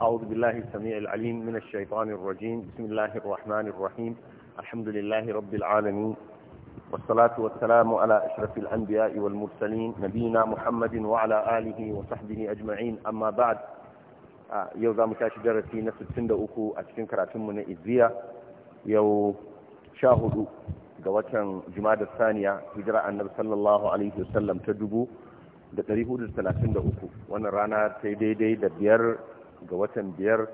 أعوذ بالله السميع العليم من الشيطان الرجيم بسم الله الرحمن الرحيم الحمد لله رب العالمين والصلاة والسلام على أشرف الأنبياء والمرسلين نبينا محمد وعلى آله وصحبه أجمعين أما بعد yau za mu tashi darasi na 63 a cikin karatunmu na izziya yau sha hudu ga watan jumada saniya hijira annabi sallallahu alaihi wasallam ta dubu da 433 wannan rana ta daidai da biyar ga watan biyar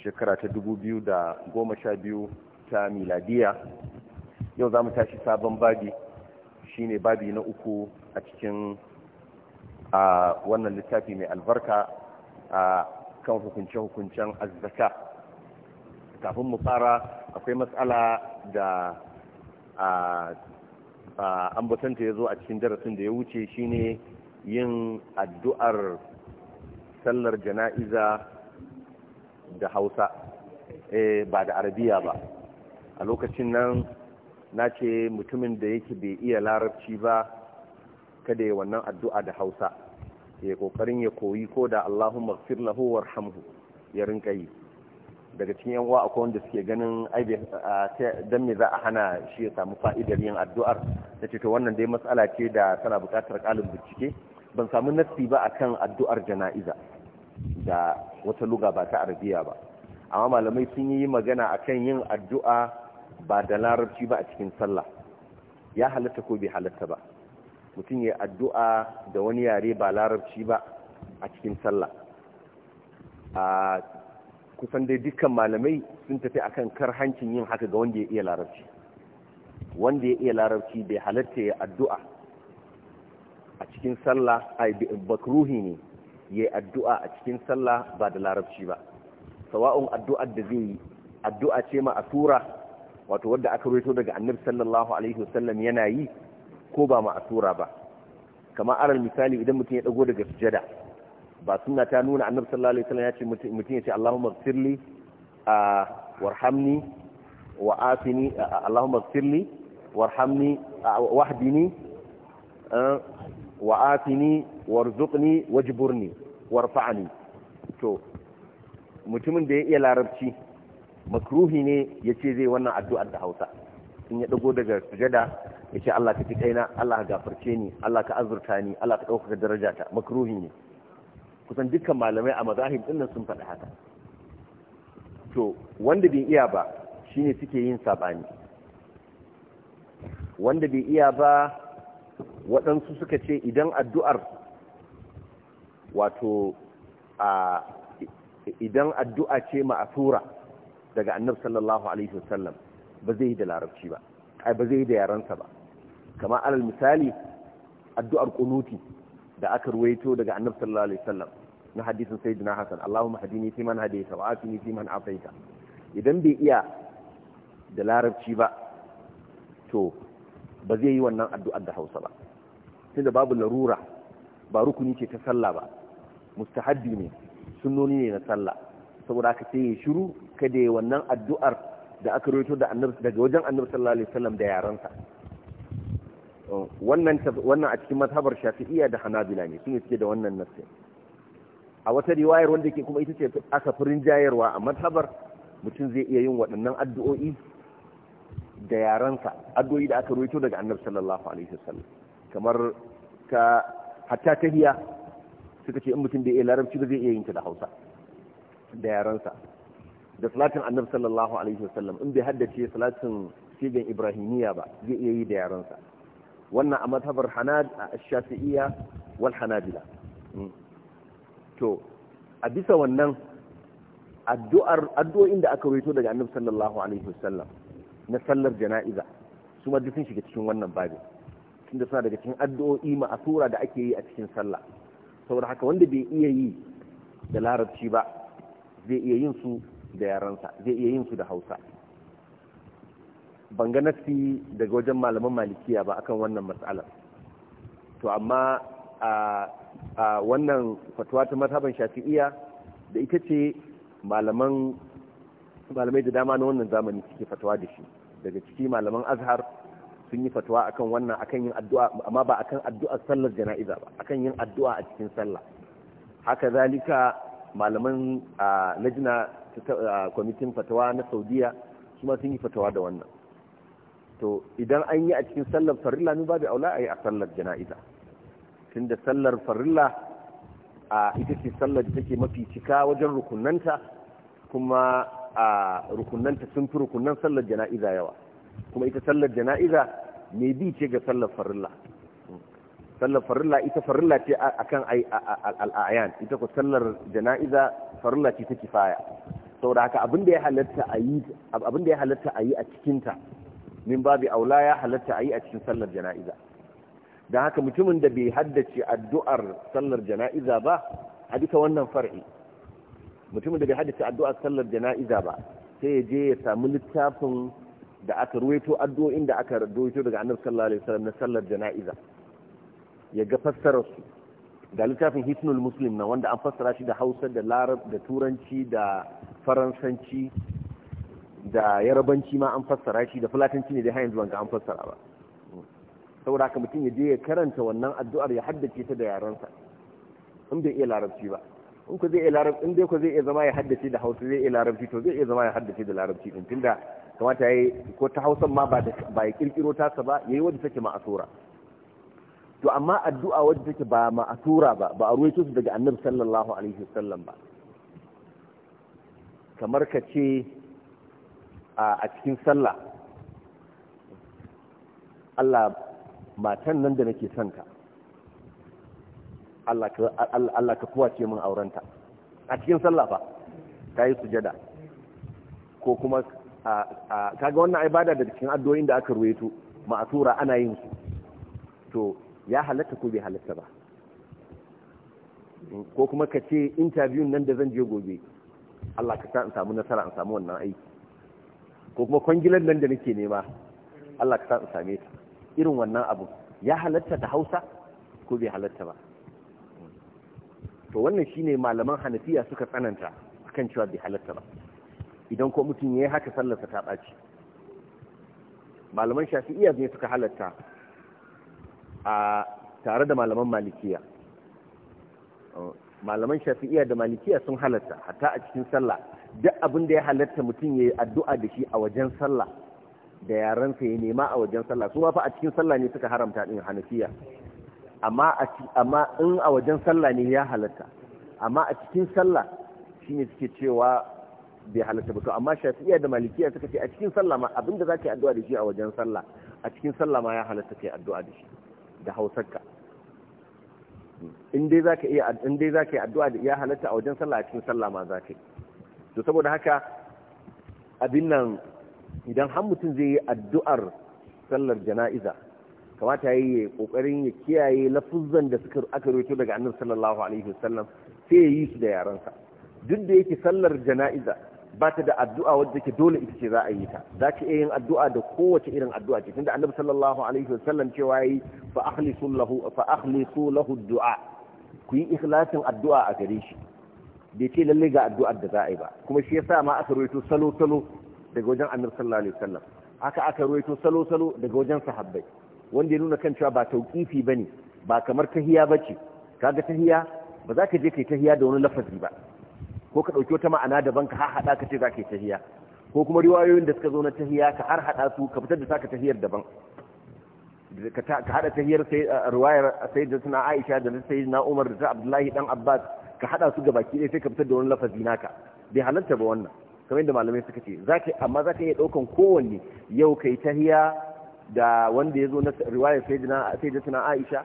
shekara ta dubu biyu da goma sha biyu ta miladiya yau za mu tashi sabon babi shine babi na uku a cikin wannan littafi mai albarka a kan hukunce-hukuncen azzaka kafin mu fara akwai matsala da a ambatanta ya zo a cikin darasin da ya wuce shine yin addu'ar sallar jana'iza da hausa eh, ba da arabiya ba a lokacin nan na ce mutumin da yake bai iya larabci ba kada ya wannan addu'a da hausa ya kokarin ya koyi ko da allahun magfir lahu warhamhu ya rinka yi daga cikin yan uwa akwai wanda suke ganin dan me za a hana shi ya samu fa'idar yin addu'ar da ce to wannan dai matsala ce da tana buƙatar ƙalin bincike ban samu nassi ba akan addu'ar jana'iza da wata luga ba ta arabiya ba amma malamai sun yi magana akan yin addu'a ba da larabci ba a cikin sallah ya halatta ko bai halatta ba mutum ya addu'a da wani yare ba larabci ba a cikin sallah a kusan dai dukkan malamai sun tafi akan kar hancin yin haka ga wanda ya iya larabci wanda ya iya larabci bai halatta ya addu'a a cikin sallah ai bakruhi ne ya addu'a a cikin sallah ba da larabci ba sawa'un addu'ar da zai yi addu'a ce ma a tura wato wadda aka rito daga annabi sallallahu alaihi wasallam yana yi ko ba ma a tura ba kamar aral misali idan mutum ya dago daga sujada ba sunna ta nuna annabi sallallahu alaihi wasallam ya ce mutum ya ce Allahumma ighfirli warhamni wa afini Allahumma warhamni wahdini wa'afini warzuqni wajburni warfa'ni to mutumin da ya iya larabci makruhi ne ya ce zai wannan addu'ar da hausa in ya dago daga sujada ya ce Allah ka ci kaina Allah ka gafarce ni Allah ka azurta ni Allah ka ɗaukaka darajata makruhi ne kusan dukkan malamai a mazahib ɗin sun faɗi haka to wanda bai iya ba shine suke yin saɓani wanda bai iya ba waɗansu suka ce idan addu'ar wato a idan addu'a ce ma'asura daga annab sallallahu alaihi wasallam ba zai yi da larabci ba ai ba zai yi da yaransa ba kama alal misali addu'ar kunuti da aka ruwaito daga annab sallallahu alaihi wasallam na hadisin sayyidina hasan allahumma hadini fi man hadaita wa fi man afaita idan bai iya da larabci ba to ba zai yi wannan addu'ar da hausa ba sai da babu larura ba rukuni ce ta sallah ba mustahabbi ne sunnoni ne na sallah saboda aka ce ya shiru kada ya wannan addu'ar da aka roto daga wajen annabi sallallahu alaihi wasallam da yaransa wannan wannan a cikin mazhabar shafi'iyya da hanabila ne sun suke da wannan nasi a wata riwayar wanda ke kuma ita ce aka firin jayarwa a mazhabar mutum zai iya yin waɗannan addu'o'i da yarensa addu'o'i da aka ruwaito daga annabi sallallahu alaihi wasallam kamar ka hatta tahiya suka ce in mutum bai iya larabci ba zai iya yin ta da Hausa da yarensa da salatin annabi sallallahu alaihi wasallam in bai haddace salatin sigan ibrahimiya ba zai iya yi da yarensa wannan a mazhabar hanad a shafi'iyya wal hanabila to a bisa wannan addu'ar addu'o'in da aka ruwaito daga annabi sallallahu alaihi wasallam na sallar jana'iza su ma duk sun shiga cikin wannan babin tunda suna daga cikin addu'o'i ma asura da ake yi a cikin sallah saboda haka wanda bai iya yi da larabci ba zai iya yin su da yaransa zai iya yin su da hausa ban ga nasi daga wajen malaman malikiya ba akan wannan matsalar to amma a wannan fatuwa ta mazhaban shafi'iya da ita ce malaman malamai da dama na wannan zamani suke fatuwa da shi daga ciki malaman azhar sun yi fatawa akan wannan akan yin addu'a amma ba akan addu'ar sallar jana'iza ba akan yin addu'a a cikin sallah haka zalika malaman lajina kwamitin fatawa na saudiya su ma sun yi fatawa da wannan to idan an yi a cikin sallar farilla ne babu aula a yi a sallar jana'iza tun da sallar farilla a ita ce sallar da take mafi cika wajen rukunanta kuma a rukunanta sun fi rukunan sallar jana'iza yawa kuma ita sallar jana'iza ne bi ce ga sallar farilla sallar farilla ita farilla ce akan al'ayan ita ko sallar jana'iza farilla ce ta kifaya saboda haka abin da ya halatta a yi abin da ya halatta a yi a cikin ta min babi aula ya halatta a yi a cikin sallar jana'iza dan haka mutumin da bai haddace addu'ar sallar jana'iza ba a duka wannan far'i mutumin da bai haddace addu'ar sallar jana'iza ba sai ya je ya samu littafin da aka ruwaito addu'o'in da aka ruwaito daga annabi sallallahu alaihi wasallam na sallar jana'iza ya ga fassarar su ga littafin hisnul muslim na wanda an fassara shi da hausa da larab da turanci da faransanci da yarabanci ma an fassara shi da fulatanci ne dai har yanzu ban ga an fassara ba saboda haka mutum ya je ya karanta wannan addu'ar ya haddace ta da yarensa in bai iya larabci ba in ku zai iya larabci in dai ku zai iya zama ya haddace da hausa zai iya larabci to zai iya zama ya haddace da larabci din tunda kamata yayi ko ta hausan ma ba ya kirkiro tasa ba yayi wanda take ma'asura to amma addu'a wadda take ba ma'asura ba ba a ruwaito su daga annabi sallallahu alaihi wasallam ba kamar ka ce a cikin sallah Allah matan nan da nake son ka Allah ka kuwa ce min aurenta a cikin sallah ba ta yi sujada ko kuma kaga wannan ibada da cikin addu'o'in da aka ruwaito tura ana yin su to ya halatta ko bai halatta ba ko kuma ka ce interview nan da zan je gobe Allah ka sa in samu nasara in samu wannan aiki ko kuma kwangilan nan da nake nema Allah ka sa in same ta irin wannan abu ya halatta da Hausa ko bai halatta ba to wannan shine malaman hanafiya suka tsananta kan cewa bai halatta ba idan ko mutum ya yi haka sallarsa ta ɓaci malaman shafi'iyya ne suka halatta a tare da malaman malikiya malaman shafi'iyya da malikiya sun halatta hatta a cikin sallah duk abin da ya halatta mutum ya yi addu'a da shi a wajen sallah da yarensa ya nema a wajen sallah su ma fa a cikin sallah ne suka haramta din hanafiya amma amma in a wajen sallah ne ya halatta amma a cikin sallah shi ne suke cewa bai halatta ba to amma shafi'iyya da malikiya suka ce a cikin sallah ma abinda zaka yi addu'a da shi a wajen sallah a cikin sallah ma ya halatta kai addu'a da shi da hausarka in dai zaka iya in dai zaka yi addu'a da ya halatta a wajen sallah a cikin sallah ma zaka yi to saboda haka abin nan idan har mutum zai yi addu'ar sallar jana'iza kamata yayi kokarin ya kiyaye lafuzzan da suka aka rawaito daga annabi sallallahu alaihi wasallam sai ya yi su da yaransa duk da yake sallar jana'iza ba ta da addu'a wadda ke dole ita ce za a yi ta za ka iya yin addu'a da kowace irin addu'a ce tunda annabi sallallahu alaihi wasallam cewa yi fa akhlisu lahu fa akhlisu lahu du'a ku yi ikhlasin addu'a a gare shi bai ce lalle ga addu'ar da za a yi ba kuma shi yasa ma aka rawaito salo salo daga wajen annabi sallallahu alaihi wasallam haka aka rawaito salo salo daga wajen sahabbai wanda ya nuna kan cewa ba ba ne ba kamar tahiya ce kaga tahiya ba za ka je ka yi tahiya da wani lafazi ba ko ka ɗauki wata ma'ana daban ka haɗa ka ce za ka yi tahiya ko kuma riwayoyin da suka zo na tahiya ka har haɗa su ka fitar da saka tahiyar daban ka haɗa tahiyar sai riwayar suna Aisha da na Umar da Abdullahi dan Abbas ka haɗa su gabaki ɗaya sai ka fitar da wani lafazi naka bai halarta ba wannan kamar yadda malamai suka ce amma za ka iya ɗaukan kowanne yau ka yi tahiya da wanda ya zo na riwayar sayyidatuna Aisha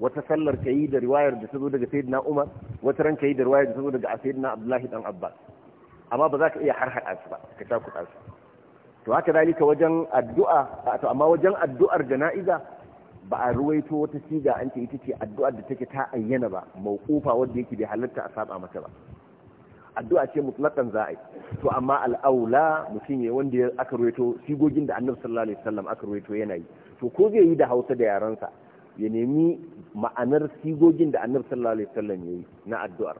wata sallar kayi da riwayar da ta zo daga sayyidina Umar wata ran kayi da riwayar da ta zo daga sayyidina Abdullahi dan Abbas amma ba za ka iya har su ba ka sha kuɗa ɗansu to haka ka wajen addu'a to amma wajen addu'ar jana'iza ba a ruwaito wata siga an ce ita ce addu'ar da take ta ayyana ba mauqufa wanda yake bai halarta a saba mata ba addu'a ce mutlaqan za yi to amma al'aula mutum ya wanda aka ruwaito sigogin da annabi sallallahu alaihi wasallam aka ruwaito yana yi to ko zai yi da hausa da yarensa ya nemi ma'anar sigogin da annabi sallallahu alaihi wasallam ya yi na addu'ar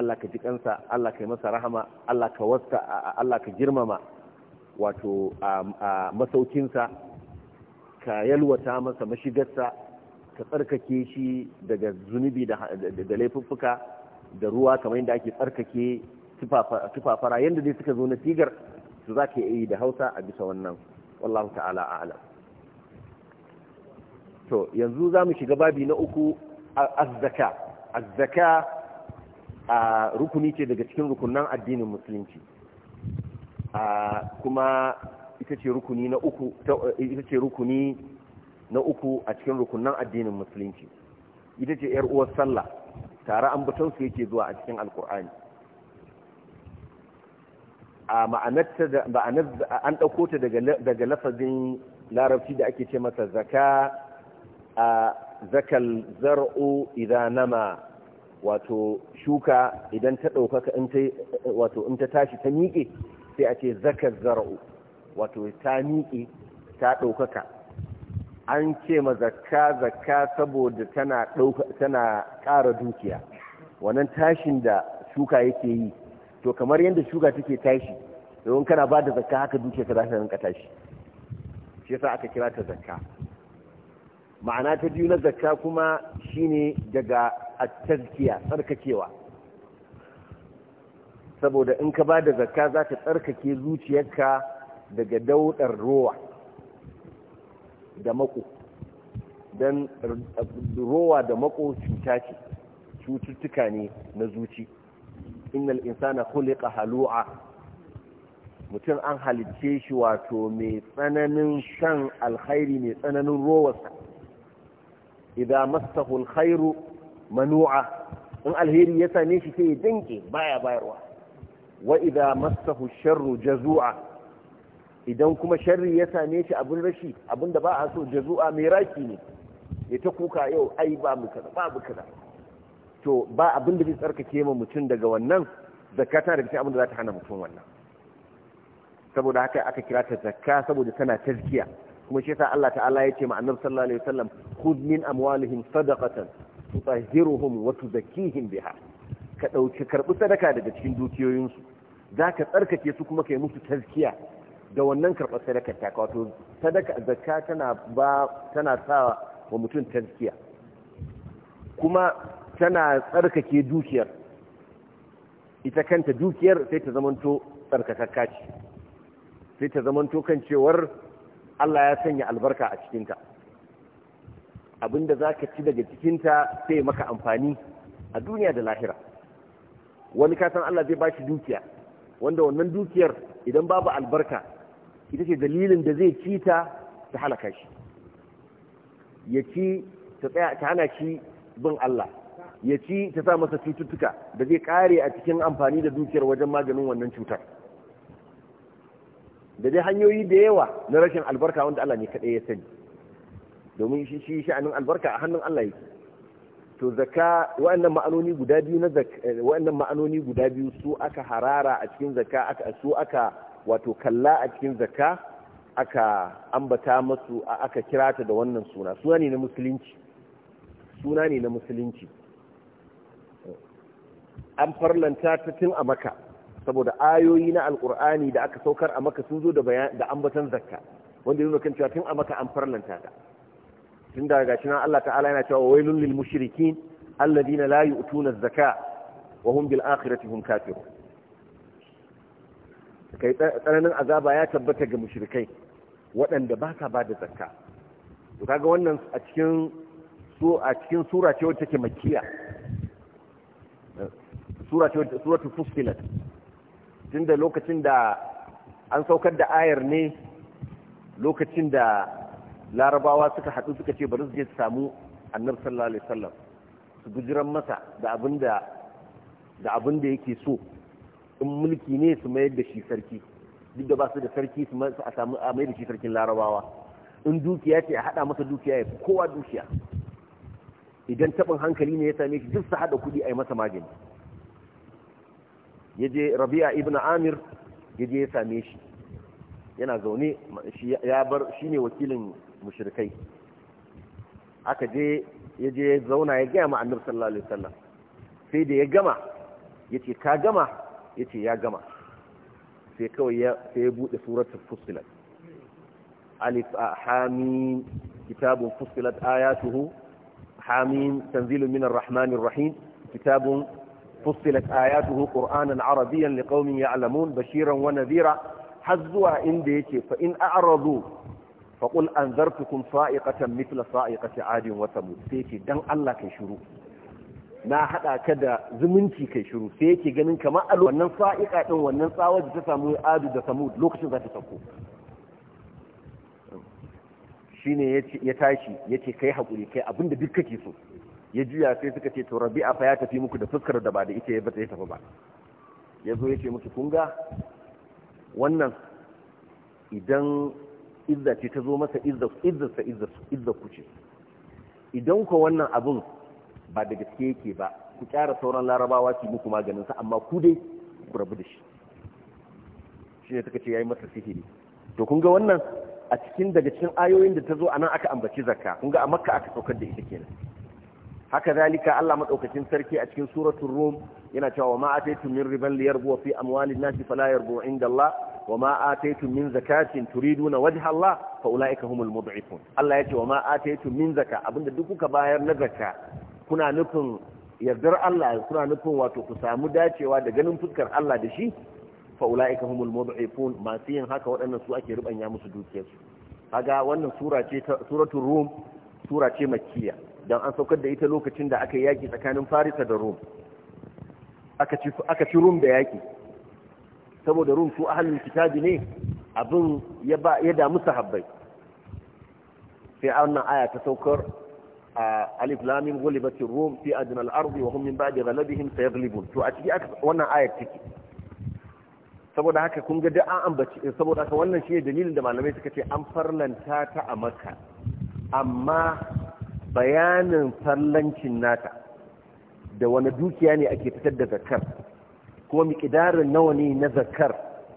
Allah ka ji kansa Allah ka yi masa rahama Allah ka wasta Allah ka girmama wato masaukin sa ka yalwata masa mashigarsa ka tsarkake shi daga zunubi da laifuffuka da ruwa kamar yadda ake tsarkake tufafara yadda zai suka zo na sigar su za ka yi da hausa a bisa wannan wallahu ta'ala a'lam to yanzu za mu shiga babi na uku azzaka azzaka a rukuni ce daga cikin rukunan addinin musulunci kuma ita ce rukuni na uku ita ce rukuni na uku a cikin rukunan addinin musulunci ita ce yar uwar sallah tare an su yake zuwa a cikin alkur'ani a ma'anarta an ɗauko ta daga lafazin larabci da ake ce masa zaka a zakal zar'u idan nama wato shuka idan ta ɗaukaka wato in ta tashi ta miƙe sai a ce zakar zar'u wato ta miƙe ta ɗaukaka an ce ma zakka zakka saboda tana ƙara dukiya wannan tashin da shuka yake yi to kamar yadda shuka take tashi don kana ba da zakka haka dukiya ta za ta rinka tashi shi yasa aka kira ta zakka ma'ana ta biyu na zakka kuma shine daga at-tazkiya tsarkakewa saboda in ka ba da zakka za ta tsarkake zuciyarka daga daudar rowa da mako don rowa da mako cuta ce cututtuka ne na zuci innal insana khuliqa halu'a mutum an halicce shi wato mai tsananin shan alkhairi mai tsananin rowarsa idan masahu alkhairu manu'a in alheri ya same shi sai ya danke baya bayarwa wa idan masahu sharru jazu'a idan kuma sharri ya same shi abin rashi abin da ba a so jazu'a mai raki ne ya ta kuka yau ai ba mu kaza ba mu kaza to ba abin da zai tsarkake ma mutum daga wannan zakka tana cikin abin da za ta hana mutum wannan saboda haka aka kira ta zakka saboda tana tazkiya kuma shi yasa Allah ta'ala ya ce ma annabi sallallahu alaihi wasallam khudh min amwalihim sadaqatan tutahhiruhum wa tuzakkihim biha ka dauki karbi sadaka daga cikin dukiyoyinsu zaka tsarkake su kuma kai musu tazkiya da wannan karɓar sadaka ta wato sadaka zakka tana ba tana sa wa mutum tazkiya kuma tana tsarkake dukiyar ita kanta dukiyar sai ta zamanto tsarkakakka ce sai ta zamanto kan cewar Allah ya sanya albarka a cikinta abinda za ka ci daga cikinta sai maka amfani a duniya da lahira wani kasan Allah zai ba shi dukiya wanda wannan dukiyar idan babu albarka ita ce dalilin da zai ci ta ta halaka shi ya ci ta tsaya ta hana shi bin Allah ya ci ta sa masa cututtuka da zai kare a cikin amfani da dukiyar wajen maganin wannan cutar da dai hanyoyi da yawa na rashin albarka wanda Allah ne kaɗai ya sani domin shi shi sha'anin albarka a hannun Allah yake to zakka wa'annan ma'anoni guda biyu na zakka eh, wa'annan ma'anoni guda biyu su aka harara a cikin zakka aka su aka wato kalla a cikin zakka aka ambata masu aka kira ta da wannan suna suna ne na musulunci suna ne na musulunci an farlanta ta tun a maka saboda ayoyi na alkur'ani da aka saukar a maka sun zo da ambatan zakka wanda yanzu kan cewa tun a maka an farlanta ta tun daga gashi nan Allah ta'ala yana cewa wailul lil mushrikin alladina la yu'tuna az-zaka wa hum bil akhirati hum kafirun kai tsananin azaba ya tabbata ga mushrikai waɗanda ba sa ba da zakka to kaga wannan a cikin so a cikin sura ce wacce take makkiya sura ce wacce suratul tunda lokacin da an saukar da ayar ne lokacin da larabawa suka haɗu suka ce bari su je su samu annabi sallallahu alaihi wasallam su bujiran masa da abin da da abin yake so in mulki ne su mayar da shi sarki duk da ba su da sarki su a samu a mayar da shi sarkin larabawa in dukiya ce a haɗa masa dukiya ya fi kowa dukiya idan taɓin hankali ne ya same shi duk su haɗa kuɗi a yi masa magani ya je rabi'a ibn amir ya je ya same shi yana zaune ya bar shi ne wakilin mushrikai aka je ya je zauna ya gaya ma annabi sallallahu alaihi sai da ya gama ya ce ka gama yace ya gama sai kawai ya bude suratul fussilat alif a hamin kitabun fussilat ayatuhu hamim tanzilun minar rahmanir rahim kitabun fussilat ayatuhu qur'anan arabiyyan liqaumin ya'lamun bashiran wa nadhira har inda yace fa in a'radu fa qul anzartukum sa'iqatan mithla sa'iqati adin wa thamud sai ce dan Allah kai shiru na haɗa ka da zumunci kai shiru sai yake ganin kamar a wannan sa'iƙa ɗin wannan tsawar da ta samu adu da samu lokacin za ta sauko shi ne ya tashi ya ce kai haƙuri kai abinda duk kake so ya juya sai suka ce to a fa ya tafi muku da fuskar da ba da ita ya bata ya tafi ba ya zo ya ce musu kun ga wannan idan izza ta zo masa izza izza izza ku kuce idan ko wannan abin. ba da gaske yake ba ku kyara sauran larabawa su muku maganin sa amma ku dai ku rabu da shi shi ne suka ce yayi masa sihiri to kun ga wannan a cikin daga cikin ayoyin da ta zo anan aka ambaci zakka kun ga a makka aka saukar da ita kenan haka zalika Allah madaukakin sarki a cikin suratul rum yana cewa ma ataytum min riban liyarbu fi amwalin nasi fala yarbu inda Allah wa ma ataytum min zakatin turiduna wajha Allah fa ulaika humul mud'ifun Allah ya ce wa ma ataytum min zaka abinda duk kuka bayar na zakka kuna nufin yardar Allah kuna nufin wato ku samu dacewa da ganin fuskar Allah da shi fa ulaika humul mud'ifun masu yin haka waɗannan su ake rubanya musu su kaga wannan sura ce suratul rum sura ce makkiya dan an saukar da ita lokacin da aka yaki tsakanin farisa da rum aka ci aka ci rum da yaki saboda rum su ahlul kitabi ne abin ya ba ya damu sahabbai sai wannan aya ta saukar alif lamim ghulibatir rum fi adna al-ardi wa hum min ba'di ghalabihim sayaghlibun to a ciki wannan ayat take saboda haka kun ga duk an ambaci saboda haka wannan ne dalilin da malamai suka ce an farlanta ta a Makka amma bayanin farlancin nata da wani dukiya ne ake fitar da zakar kuma miƙidarin nawa ne na zakar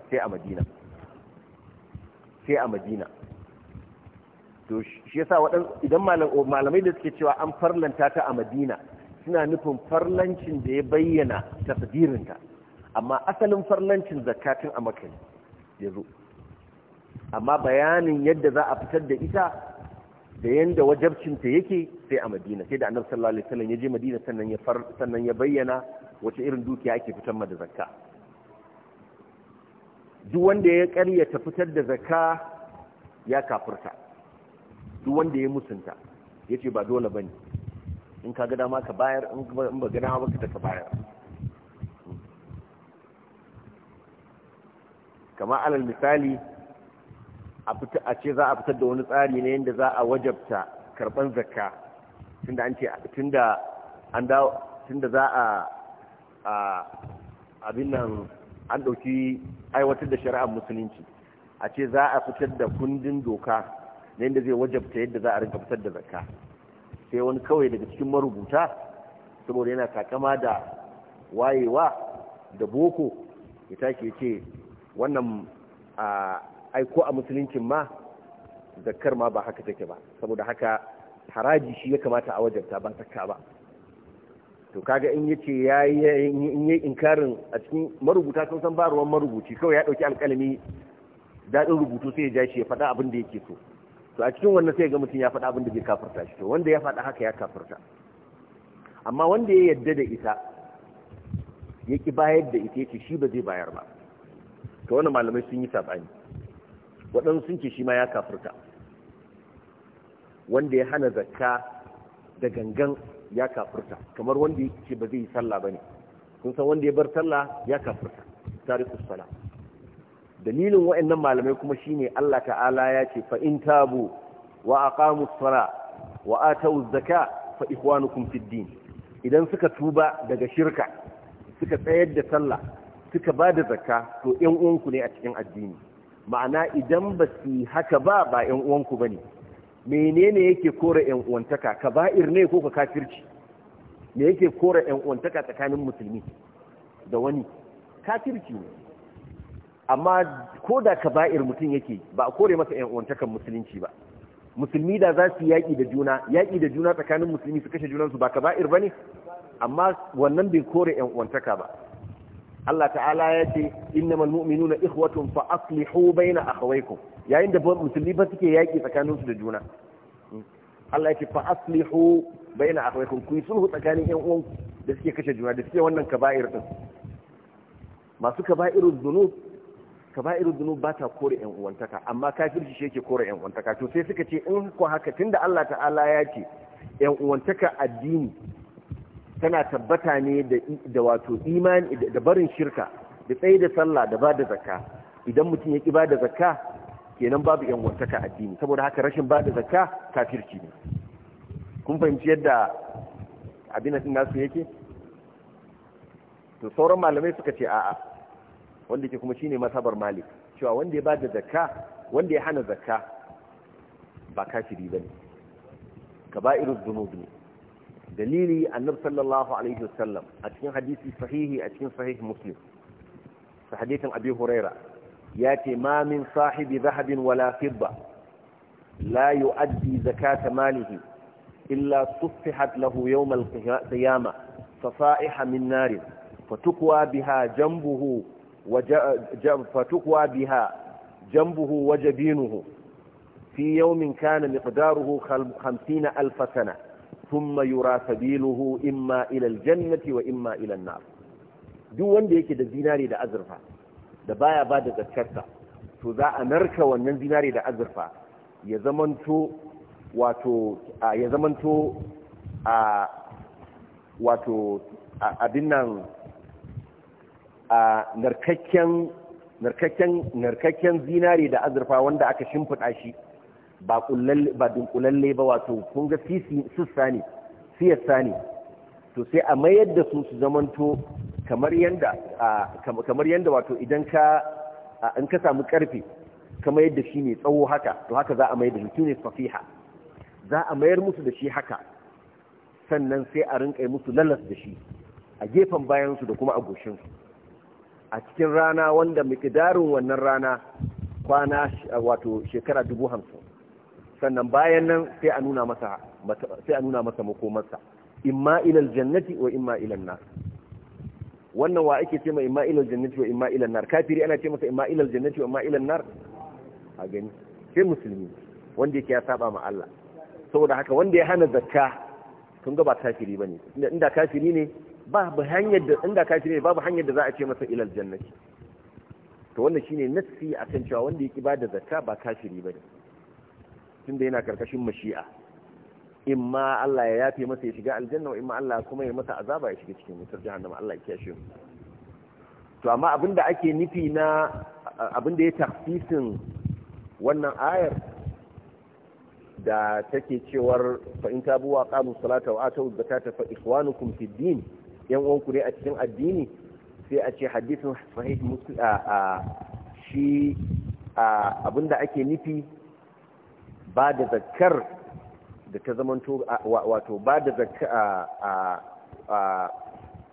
sai a Madina sai a Madina to shi yasa idan malamai da suke cewa an farlanta ta a madina suna nufin farlancin da ya bayyana tasdirinta amma asalin farlancin zakatun a makka ya zo amma bayanin yadda za a fitar da ita da yadda wajabcinta yake sai a madina sai da annabi sallallahu alaihi ya je madina sannan ya bayyana wace irin dukiya ake fitar ma da zakka duk wanda ya karya ta fitar da zakka ya kafirta duk wanda ya musunta ya ce ba dole ba ne in ka gada ma ka bayar in ba gada maka ka bayar kama alal misali a ce za a fitar da wani tsari ne yadda za a wajabta karban zakka tunda an ce tunda an za a abin nan an dauki aiwatar da shari'ar musulunci a ce za a fitar da kundin doka na yadda zai wajabta yadda za a rinka fitar da zakka sai wani kawai daga cikin marubuta saboda yana takama da wayewa da boko ya take ce wannan aiko a musuluncin ma zakkar ma ba haka take ba saboda haka haraji shi ya kamata a wajabta ba zakka ba to kaga in yace yayi in yi inkarin a cikin marubuta sun san ba ruwan marubuci kawai ya dauki alkalami daɗin rubutu sai ya ja shi ya faɗa abin da yake so to a cikin wannan sai ga mutum ya faɗa abin da zai kafirta shi to wanda ya faɗa haka ya kafirta amma wanda ya yadda da ita ya ki bayar da ita yake shi ba zai bayar ba to wani malamai sun yi sabani waɗansu sun ce shi ma ya kafirta wanda ya hana zakka da gangan ya kafirta kamar wanda ya ce ba zai yi sallah ba ne kun san wanda ya bar sallah ya kafirta tarikus sallah dalilin wa'annan malamai kuma shine Allah ta'ala ya ce fa in tabu wa aqamu sala wa atau zakka fa ikhwanukum fid din idan suka tuba daga shirka suka tsayar da sallah suka ba da zakka to ƴan uwanku ne a cikin addini ma'ana idan ba su haka ba ba ƴan uwanku bane menene yake kore ƴan uwantaka kaba'ir ne ko ka kafirci me yake kore ƴan uwantaka tsakanin musulmi da wani kafirci ne amma ko da kaba'ir mutum yake ba a kore masa yan uwantakan musulunci ba musulmi da za su yaƙi da juna yaƙi da juna tsakanin musulmi su kashe junansu ba kaba'ir ba ne amma wannan bai kore yan uwantaka ba Allah ta'ala ya ce innamal mu'minuna ikhwatun fa aslihu baina akhawaykum yayin da musulmi ba suke yaƙi tsakaninsu da juna Allah ya ce fa aslihu bayna akhawaykum ku sulhu tsakanin yan uwanku da suke kashe juna da suke wannan kaba'ir din masu kaba'irul dhunub kaba'iru dhunub ba ta kore yan uwantaka amma kafirci shi yake kore yan uwantaka to sai suka ce in ko haka da Allah ta'ala ya ce yan uwantaka addini tana tabbata ne da wato imani da barin shirka da tsaye da sallah da ba da zakka idan mutum ya ki ba da zakka kenan babu yan uwantaka addini saboda haka rashin ba da zakka kafirci ne kun fahimci yadda abin da nasu yake to sauran malamai suka ce a'a wanda ke kuma shine masabar malik cewa wanda ya ba da zakka wanda ya hana zakka ba kafiri bane kaba'irud dhunub ne dalili annabi sallallahu alaihi wasallam a cikin hadisi sahihi a cikin sahih muslim hadithin abi huraira ya ce ma min sahibi zahabin wala fidda la yu'addi zakata malihi illa suffihat lahu yawm al-qiyamah fasaiha min nar fatukwa biha jambuhu فتقوى بها جنبه وجبينه في يوم كان مقداره خمسين ألف سنة ثم يرى سبيله إما إلى الجنة وإما إلى النار دو وان ديكي دا زيناري دا أزرفا دا بايا بادا دا تشتا تو ذا أمركا وان زيناري دا أزرفا يزمن تو واتو آه، يزمن تو آه، واتو آه، أبنان a narkakken narkakken zinare da azurfa wanda aka shimfiɗa shi ba kullalle ba dunkulalle ba wato kun ga sisi sissa ne siyasa ne to sai a mayar da su su zamanto kamar yanda wato idan ka in ka samu karfe kamar yadda shi ne tsawo haka to haka za a mayar da shi ne safiha za a mayar musu da shi haka sannan sai a rinka musu lalas da shi a gefen bayansu da kuma a goshinsu a cikin rana wanda mikidarin wannan rana kwana wato shekara dubu hamsin sannan bayan nan sai a nuna masa sai a nuna masa makomarsa imma ilal jannati wa imma ilal nar wannan wa ake ce ma imma ilal jannati wa imma ilal nar kafiri ana ce masa imma ilal jannati wa imma ilal nar a gani sai musulmi wanda yake ya saba ma Allah saboda haka wanda ya hana zakka kun ga ba kafiri bane inda kafiri ne babu hanyar da inda kafiri ne babu hanyar da za a ce masa ilal jannati to wannan shine nafsi akan cewa wanda yake ba da zakka ba kafiri bane tunda yana karkashin mashi'a imma Allah ya yafe masa ya shiga aljanna imma Allah kuma ya masa azaba ya shiga cikin wutar jahannama Allah ya kiyashe mu to amma abinda ake nufi na abinda ya tafsisin wannan ayar da take cewar fa in tabu wa qamu salata wa atu zakata fa ikhwanukum fid din yan uwanku ne a cikin addini sai a ce hadisin sahih muslim a shi abinda ake nufi ba da zakkar da ta zamanto wato ba da a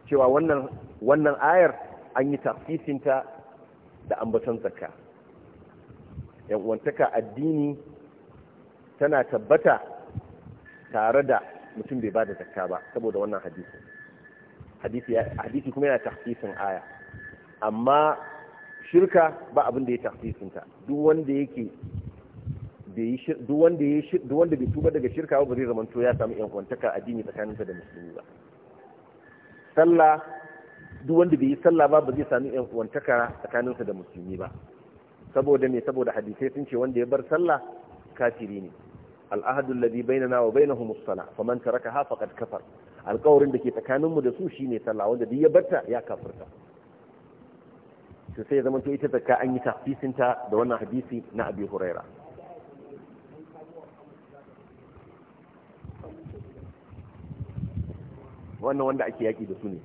cewa wannan wannan ayar an yi tafsisinta da ambaton zakka yan uwantaka addini tana tabbata tare da mutum bai ba da zakka ba saboda wannan hadisin hadisi kuma yana takhsisin aya amma shirka ba abin da ya takhsisin ta duk wanda yake duk wanda ya duk wanda bai tuba daga shirka ba zai zamanto ya samu yan kwantaka addini tsakaninsa da musulmi ba sallah duk wanda bai yi sallah ba ba zai sami yan kwantaka tsakaninsa da musulmi ba saboda me saboda hadisai sun ce wanda ya bar sallah kafiri ne al'ahadu alladhi bainana wa bainahum as-salah faman tarakaha faqad kafar alƙawarin da ke tsakaninmu da su shine sallah wanda duk ya barta ya kafirta to sai zaman to ita zakka an yi tafsirin ta da wannan hadisi na Abi Huraira wannan wanda ake yaki da su ne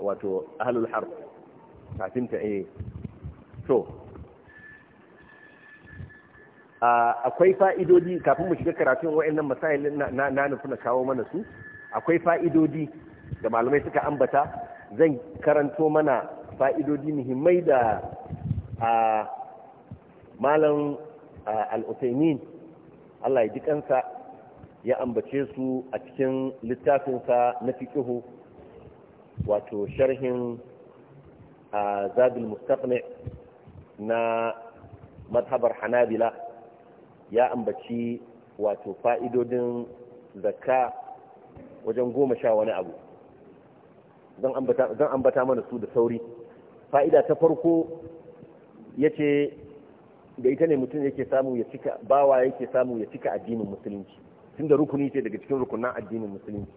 wato ahlul harb kafin ta eh to akwai fa'idodi kafin mu shiga karatun wa'annan masail na nufi na kawo mana su akwai fa'idodi da malamai suka ambata zan karanto mana fa'idodi muhimmai da malam al'utaimin Allah ya ji kansa ya ambace su a cikin littafinsa na fiƙihu wato sharhin zabil mustaqni na madhabar hanabila ya ambaci wato fa'idodin zakka wajen goma sha wani abu zan ambata mana su da sauri fa'ida ta farko ya ce da ita ne mutum yake samu ya cika bawa yake samu ya cika addinin musulunci tun da rukuni ce daga cikin rukunan addinin musulunci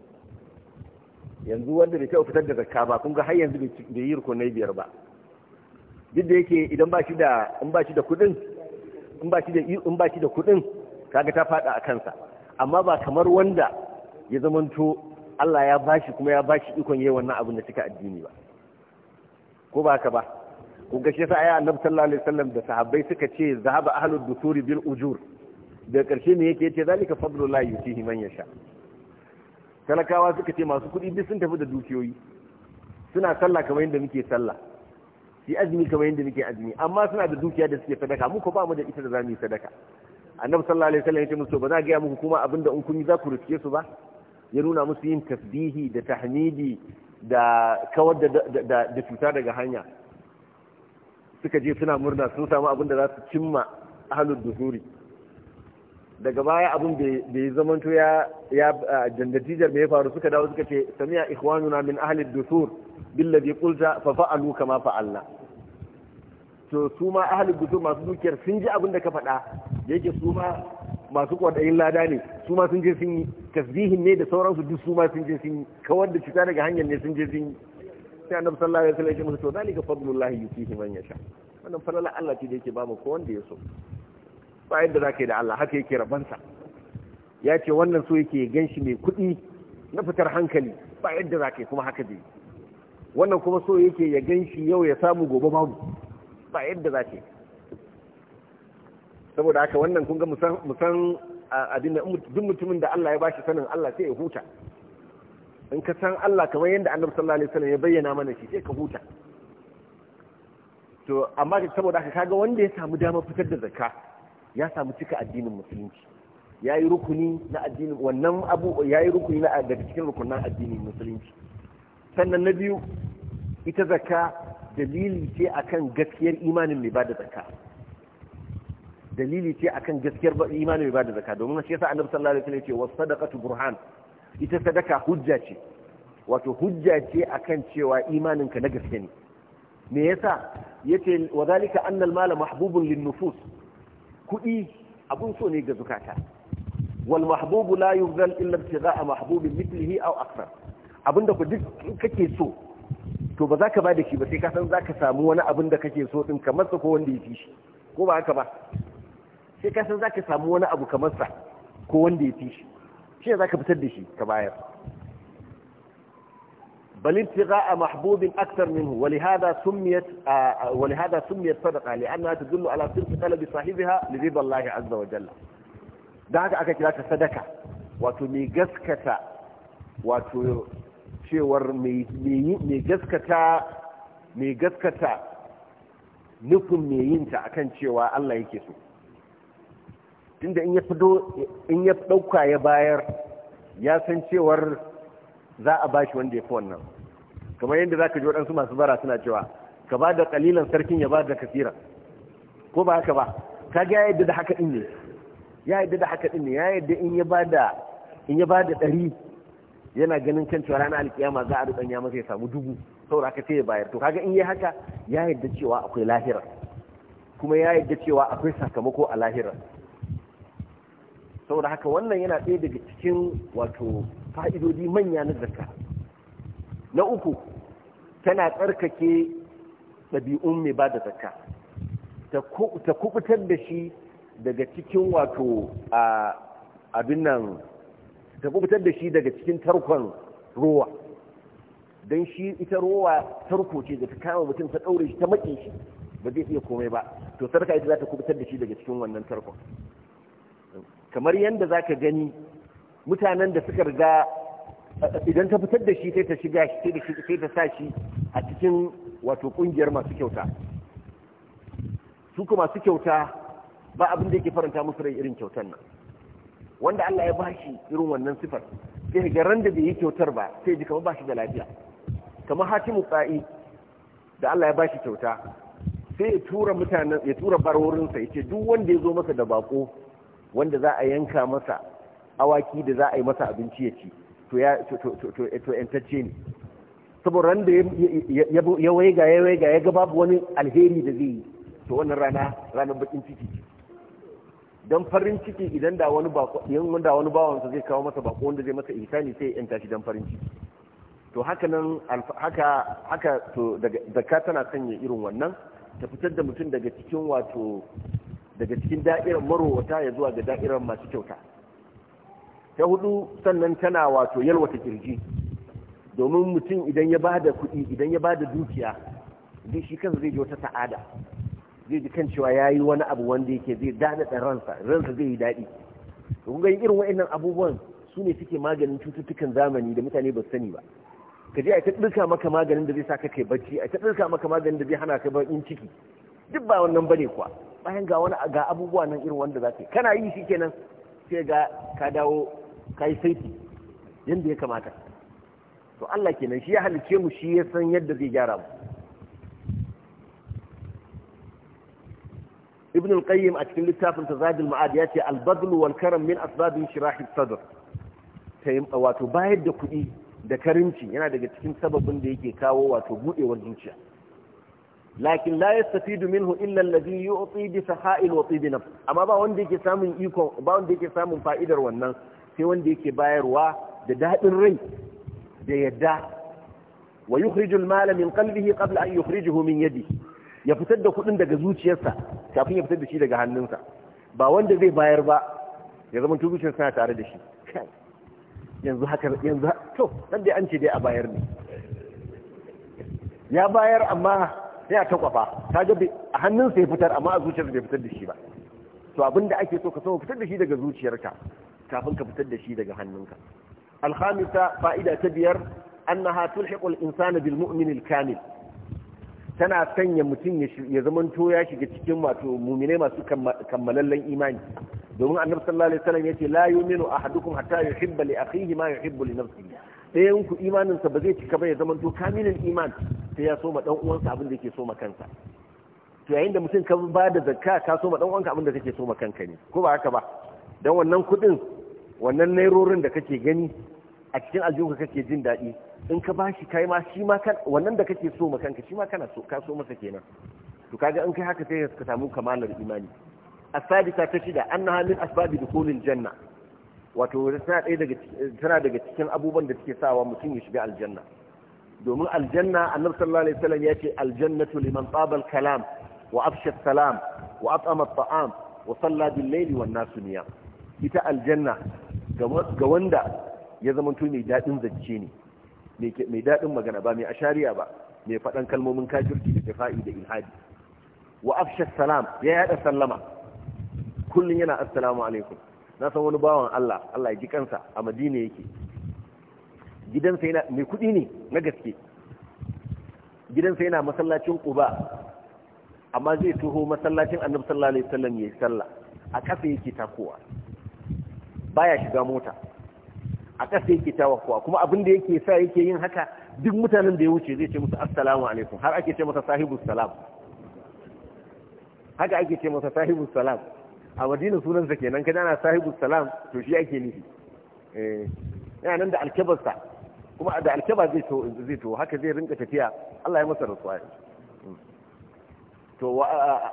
yanzu wanda bai taɓa fitar da zakka ba kun ga har yanzu bai yi rukunai biyar ba duk da yake idan ba shi da in ba da kuɗin in ba shi da in ba shi da kuɗin kaga ta faɗa a kansa amma ba kamar wanda ya zamanto Allah ya bashi kuma ya bashi ikon yayin wannan abin da cika addini ba ko ba ka ba ko ga shi sai annabi sallallahu alaihi wasallam da sahabbai suka ce zahaba ahlud dusuri bil ujur da karshe ne yake yace zalika fadlullahi yutihi man yasha talakawa suka ce masu kuɗi duk sun tafi da dukiyoyi suna sallah kamar yadda muke sallah yi azumi kamar yadda muke azumi amma suna da dukiya da suke sadaka mu ko ba mu da ita da za mu yi sadaka annabi sallallahu alaihi wasallam ya ce musu ba za ga muku kuma abinda in kun yi za ku riske su ba ya nuna musu yin tasbihi da tahmidi da kawar da da cuta daga hanya suka je suna murna sun samu abinda za su cimma ahlul duhuri daga baya abin bai zamanto ya ya jandatijar mai faru suka dawo suka ce samiya ikhwanuna min ahli dusur billadhi qulta fa fa'alu kama fa'alna to su ma ahli dusur masu dukiyar sun ji abin da ka faɗa yake su ma masu kwadayin lada ne su ma sun je sun yi tasbihin ne da sauransu duk su ma sun je sun yi kawar da cuta daga hanyar ne sun je sun yi sai annabi sallallahu alaihi wasallam ya ce musu to zalika fadlullahi yusihi man yasha wannan falala Allah ce da yake ba mu ko wanda ya so ba yadda za ka yi da Allah haka yake rabansa ya ce wannan so yake gan shi mai kuɗi na fitar hankali ba yadda za ka yi kuma haka zai wannan kuma so yake ya gan shi yau ya samu gobe babu ba yadda za ka yi saboda haka wannan kun ga musan abin da duk mutumin da Allah ya bashi sanin Allah sai ya huta in ka san Allah kamar yadda annabi sallallahu alaihi wasallam ya bayyana mana shi sai ka huta to amma saboda haka kaga wanda ya samu damar fitar da zakka ya samu cika addinin musulunci ya yi rukuni na addinin wannan abu ya yi rukuni na daga cikin rukunan addinin musulunci sannan na biyu ita zakka dalili ce akan gaskiyar imanin mai bada zakka dalili ce akan gaskiyar imanin mai bada zakka domin shi yasa annabi sallallahu alaihi wasallam ya ce was sadaqatu burhan ita sadaka hujja ce wato hujja ce akan cewa imaninka na gaske ne me yasa yace wa zalika anna al mala mahbubun lin nufus kuɗi abun so ne ga zukata wal mahbubu la yuzal illa ibtigha'a mahbubin mithlihi aw akthar abinda ku duk kake so to ba za ka ba da shi ba sai ka san za ka samu wani abin da kake so din kamar sa ko wanda ya fi shi ko ba haka ba sai ka san za ka samu wani abu kamar sa ko wanda ya fi shi shi ne za ka fitar da shi ka bayar بل ابتغاء محبوب أكثر منه ولهذا سميت ولهذا سميت صدقة لأنها تدل على صدق قلب صاحبها لرضا الله عز وجل دعك أكت لك صدقة وتمي جسكة وتشور مي جسكة مي جسكة nufin mai yin ta akan cewa Allah yake tunda in ya fido in ya dauka ya bayar ya san cewar za a bashi wanda ya fi wannan kamar yadda za ka ji waɗansu masu bara suna cewa ka ba da ƙalilan sarkin ya ba da kasira ko ba haka ba ka ga ya yadda da haka ɗin ne ya yadda da haka ɗin ne ya yadda in ya ba da in ya ba da ɗari yana ganin kan cewa ranar alƙiyama za a rubanya masa ya samu dubu saboda haka sai ya bayar to kaga in yi haka ya yadda cewa akwai lahira kuma ya yadda cewa akwai sakamako a lahira saboda haka wannan yana ɗaya daga cikin wato fa'idodi manya na zakka na uku tana tsarkake ɗabi'un mai ba da zakka ta kubutar da shi daga cikin wato abin nan ta kubutar da shi daga cikin tarkon rowa don shi ita rowa tarko ce da ta kama mutum ta ɗaure shi ta maƙe shi ba zai iya komai ba to sarka ita za ta kubutar da shi daga cikin wannan tarkon kamar yadda za ka gani mutanen da suka riga idan ta fitar da shi sai ta shiga shi sai ta sa shi a cikin wato kungiyar masu kyauta su kuma masu kyauta ba abin da yake faranta musu rai irin kyautar nan wanda Allah ya bashi irin wannan sifar sai ga ran da bai yi kyautar ba sai ji kamar bashi da lafiya kamar Hatimu qa'i da Allah ya bashi kyauta sai ya tura mutanen ya tura barorin sa yace duk wanda ya zo masa da bako wanda za a yanka masa awaki da za a yi masa abinci ya ci to ya to yantacce ne saboda ran da ya waiga ya waiga ya ga babu wani alheri da zai yi to wannan rana ranar bakin ciki don farin ciki idan da wani bako yin wanda wani bawansa zai kawo masa bako wanda zai masa ihsani sai yan tashi don farin ciki to haka nan haka haka to daga zakka tana sanya irin wannan ta fitar da mutum daga cikin wato daga cikin da'irar marowata ya zuwa ga da'irar masu kyauta ta hudu sannan tana wato yalwata kirji domin mutum idan ya bada kuɗi idan ya bada dukiya zai shi kansa zai ji wata ta'ada zai ji kan cewa yayi wani abu wanda yake zai dana da ransa ransa zai yi daɗi to kun ga irin waɗannan abubuwan su ne suke maganin cututtukan zamani da mutane ba su sani ba ka je a ta dirka maka maganin da zai sa ka kai bacci a ta dirka maka maganin da zai hana ka bakin ciki duk ba wannan bane kuwa bayan ga wani ga abubuwa nan irin wanda za ka yi kana yi shi kenan sai ga ka dawo ka yi saiti yadda ya kamata to Allah kenan shi ya halice mu shi ya san yadda zai gyara mu ibn al-qayyim a cikin littafin Zabin ma'ad ya ce al-badl wal karam min asbab inshirah sadr wato bayar da kuɗi da karinci yana daga cikin sababin da yake kawo wato budewar zuciya lakin la yastafidu minhu illa alladhi yu'ti bi saha'il wa tibin amma ba wanda yake samun iko ba wanda yake samun fa'idar wannan sai wanda yake bayarwa da daɗin rai da yadda wa yukhrijul mala min qalbihi qabla an yukhrijahu min yadihi ya fitar da kuɗin daga zuciyarsa kafin ya fitar da shi daga hannunsa ba wanda zai bayar ba ya zama tuzuciyar sana tare da shi yanzu haka yanzu to dan dai an ce dai a bayar ne ya bayar amma sai a takwafa ta ga a hannunsa ya fitar amma a zuciyarsa bai fitar da shi ba to abinda ake so ka so fitar da shi daga zuciyarka kafin ka fitar da shi daga hannunka alhamisa fa'ida ta biyar annaha tulhiqu al-insana bil mu'min al-kamil tana sanya mutum ya to ya shiga cikin wato mu'mine masu kammalallen imani domin annabi sallallahu alaihi wasallam yace la yu'minu ahadukum hatta yuhibba li akhihi ma yuhibbu li nafsihi dayan ku imanin sa ba zai cika ba ya to kamilin iman sai ya soma dan uwansa abin da yake soma kansa to yayin da mutum ka ba da zakka ka soma dan uwanka abin da kake soma kanka ne ko ba haka ba dan wannan kudin wannan nairorin da kake gani a cikin aljihunka kake jin daɗi in ka ba shi kai ma shi ma kan wannan da kake so kanka shi ma kana so ka so masa kenan to kaga in kai haka sai ka samu kamalar imani asabita ta shida annaha min asbabi dukhulil janna wato tana ɗaya daga tana daga cikin abubuwan da suke sawa mutum ya shiga aljanna domin aljanna annabi sallallahu alaihi wasallam ya ce aljannatu liman taba kalam wa afsha salam wa at'ama at-ta'am wa salla bil layli wan nasu niyam ita aljanna ga wanda ya zama zamanto mai daɗin zance ne mai daɗin magana ba mai ashariya ba mai faɗan kalmomin kajirki da jafa'i da ilhadi wa afshar salam ya yada sallama kullum yana assalamu alaikum na san wani bawan Allah Allah ya ji kansa a Madina yake gidansa yana mai kudi ne na gaske gidansa yana masallacin ƙuba amma zai tuho masallacin Annabi sallallahu alaihi wasallam yayi sallah a kafa yake takowa baya shiga mota a ƙasa yake kuwa kuma abin da yake sa yake yin haka duk mutanen da ya wuce zai ce musu assalamu alaikum har ake ce masa sahibu salam haka ake ce masa sahibu salam a madina sunansa kenan kada na sahibu salam to shi ake nufi eh yana nan da alkabarsa kuma da alkaba zai to zai to haka zai rinka tafiya Allah ya masa rasuwa to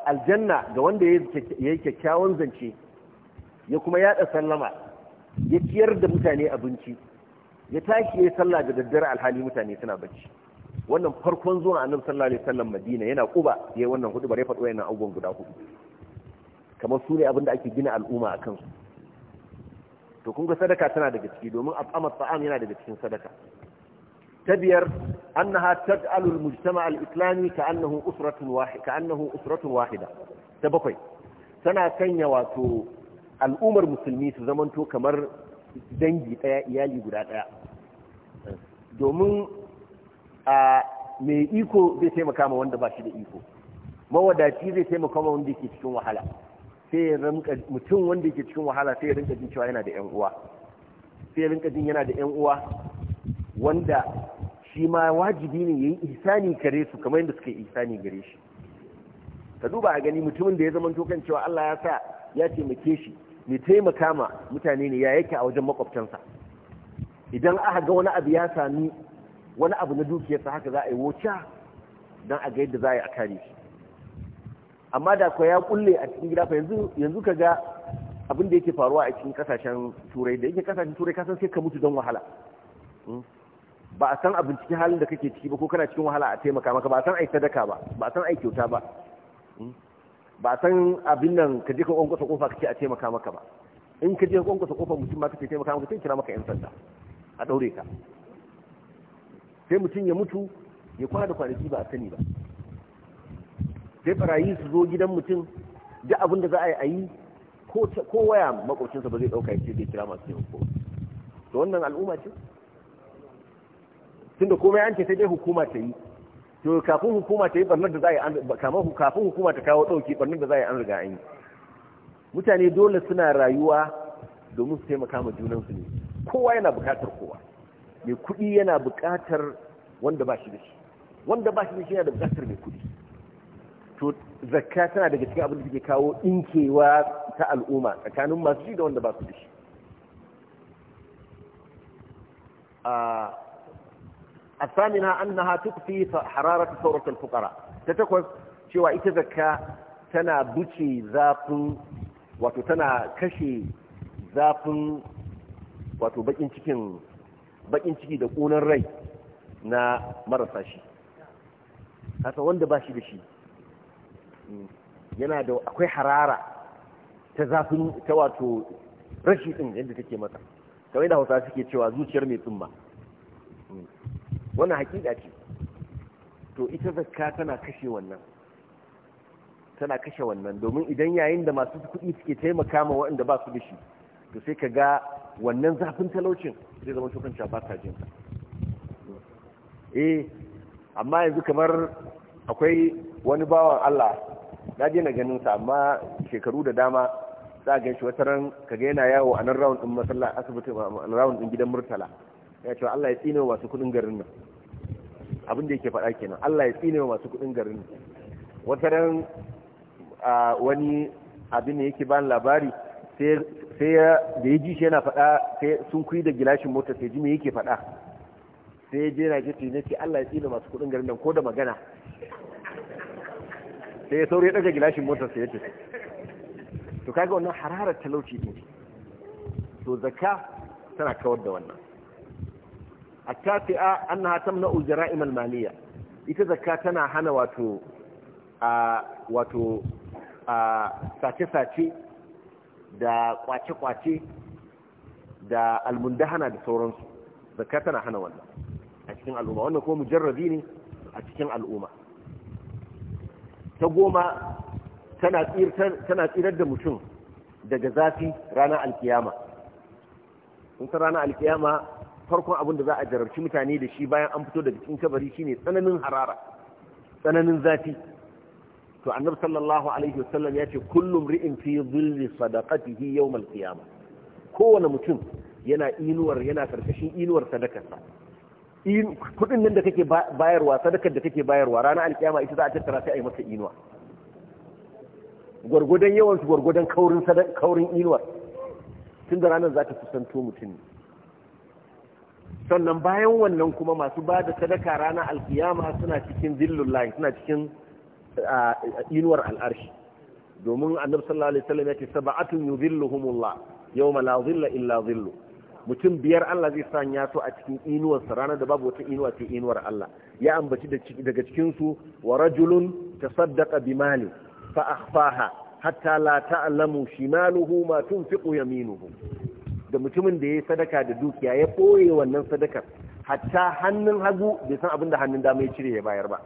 aljanna ga wanda ya yi kyakkyawan zance ya kuma yada sallama ya ciyar da mutane abinci ya tashi ya sallah da daddare alhali mutane suna bacci wannan farkon zuwa annabi sallallahu alaihi wasallam Madina yana kuba yayi wannan hudu bare faɗo yana abubuwan guda hudu kamar su ne abin da ake gina al'umma a kansu to kun ga sadaka tana daga ciki domin af'amat ta'am yana daga cikin sadaka ta biyar annaha tad'alul mujtama al-islami ka'annahu usratun wahida usratun wahida ta bakwai tana sanya wato al'ummar musulmi su zamanto kamar dangi ɗaya iyali guda ɗaya domin a mai iko zai taimaka ma wanda ba shi da iko mawadaci zai taimaka ma wanda yake cikin wahala sai ya rinka mutum wanda yake cikin wahala sai ya rinka jin cewa yana da yan uwa sai ya rinka jin yana da yan uwa wanda shi ma wajibi ne yayi ihsani kare su kamar yadda suka yi ihsani gare shi ka duba a gani mutumin da ya zama to kan cewa Allah ya sa ya taimake shi mai taimaka ma mutane ne ya yake a wajen makwabtansa idan aka ga wani abu ya sami wani abu na dukiyarsa haka za a yi wuce don a ga yadda za a yi a kare shi amma da kwa ya kulle a cikin gida yanzu ka ga abin da yake faruwa a cikin kasashen turai da yake kasashen turai kasan sai ka mutu don wahala hmm? ba a san abin cikin halin da kake ciki ba ko kana cikin wahala a taimaka maka ba a san yi sadaka ba ba a san yi kyauta ba hmm? ba san abin nan ka je ka kwankwasa kofa kake a taimaka maka ba in ka je ka kwankwasa kofa mutum ma kake taimaka maka sai kira maka yan sanda a daure ka sai mutum ya mutu ya kwana da kwanaki ba a sani ba sai barayi su zo gidan mutum duk abin da za a yi a yi ko waya makocinsa ba zai dauka ce zai kira masu taimako to wannan al'umma ce tunda komai an ce ta dai hukuma ta yi to kafin hukuma ta yi barnar da za a yi kamar kafin hukuma ta kawo ɗauki barnar da za a yi an riga an yi mutane dole suna rayuwa domin su taimaka ma junansu ne kowa yana buƙatar kowa mai kuɗi yana buƙatar wanda ba shi da shi wanda ba shi da shi yana da buƙatar mai kuɗi to zakka tana daga cikin abin da take kawo ɗinkewa ta al'umma tsakanin masu shi da wanda ba su da shi ah, الثامنة أنها تكفي حرارة ثورة الفقراء تتكوز شوى إتذكى تنا بوشي ذاق وتتنا كشي ذاق wato bakin تكين bakin ciki da kunan rai na marasa shi kasa wanda ba da shi yana da akwai harara ta zafin ta wato rashi din yadda take mata kawai da hausa suke cewa zuciyar mai tsumma wannan hakika ce to ita zakka tana kashe wannan tana kashe wannan domin idan yayin da masu kuɗi suke taimaka ma waɗanda ba su da shi to sai ka ga wannan zafin talaucin zai zama tukanci ba sa jinsa eh amma yanzu kamar akwai wani bawan Allah na je na ganin sa amma shekaru da dama za a ganshi wata ran kaga yana yawo a nan rawun din masallaci asibiti a rawun din gidan Murtala ya ce Allah ya tsine masu kuɗin garin nan abin da yake faɗa kenan Allah ya tsine masu kuɗin garin wata ran wani abin da yake bani labari sai da ya ji shi yana faɗa sai sun kuyi da gilashin mota sai ji me yake faɗa sai je na ce ne ce Allah ya tsine masu kuɗin garin nan ko da magana sai ya sauri ya ɗaga gilashin motar sai ya ce to kaga wannan hararar talauci ne to zakka tana kawar da wannan attafi'a annaha tamna ujra'im al-maliya ita zakka tana hana wato sace sace da kwace kwace da al da sauran zakka tana hana wannan a cikin al'umma wannan ko mujarradi ne a cikin al'umma ta goma tana tsirar da mutum daga zafi ranar alkiyama in ta ranar alkiyama farkon abin da za a jararci mutane da shi bayan an fito daga cikin kabari shine tsananin harara tsananin zafi to annabi sallallahu alaihi wasallam ya ce kullum ri'in fi dhilli sadaqatihi yawm al-qiyamah kowane mutum yana inuwar yana karkashin inuwar sadakarsa kudin nan da kake bayarwa sadakar da kake bayarwa ranar alkiyama ita za a tattara sai a yi maka inuwa gwargwadon yawan su gwargwadon kaurin kaurin inuwar tun da ranar za ta kusanto mutum ne sannan bayan wannan kuma masu ba da sadaka ranar alkiyama suna cikin zillullahi suna cikin inuwar al'arshi domin annabi sallallahu alaihi wasallam yake sab'atun yuzilluhumullah yawma la zilla illa zillu mutum biyar Allah zai sanya su a cikin inuwar sa ranar da babu wata inuwa ce inuwar Allah ya ambaci daga cikin su wa rajulun ta tasaddaqa bimali fa akhfaha hatta la ta'lamu shimaluhu ma tunfiqu yaminuhu da mutumin da ya yi sadaka da dukiya ya ɓoye wannan sadakar hatta hannun hagu bai san abin da hannun dama ya cire ya bayar ba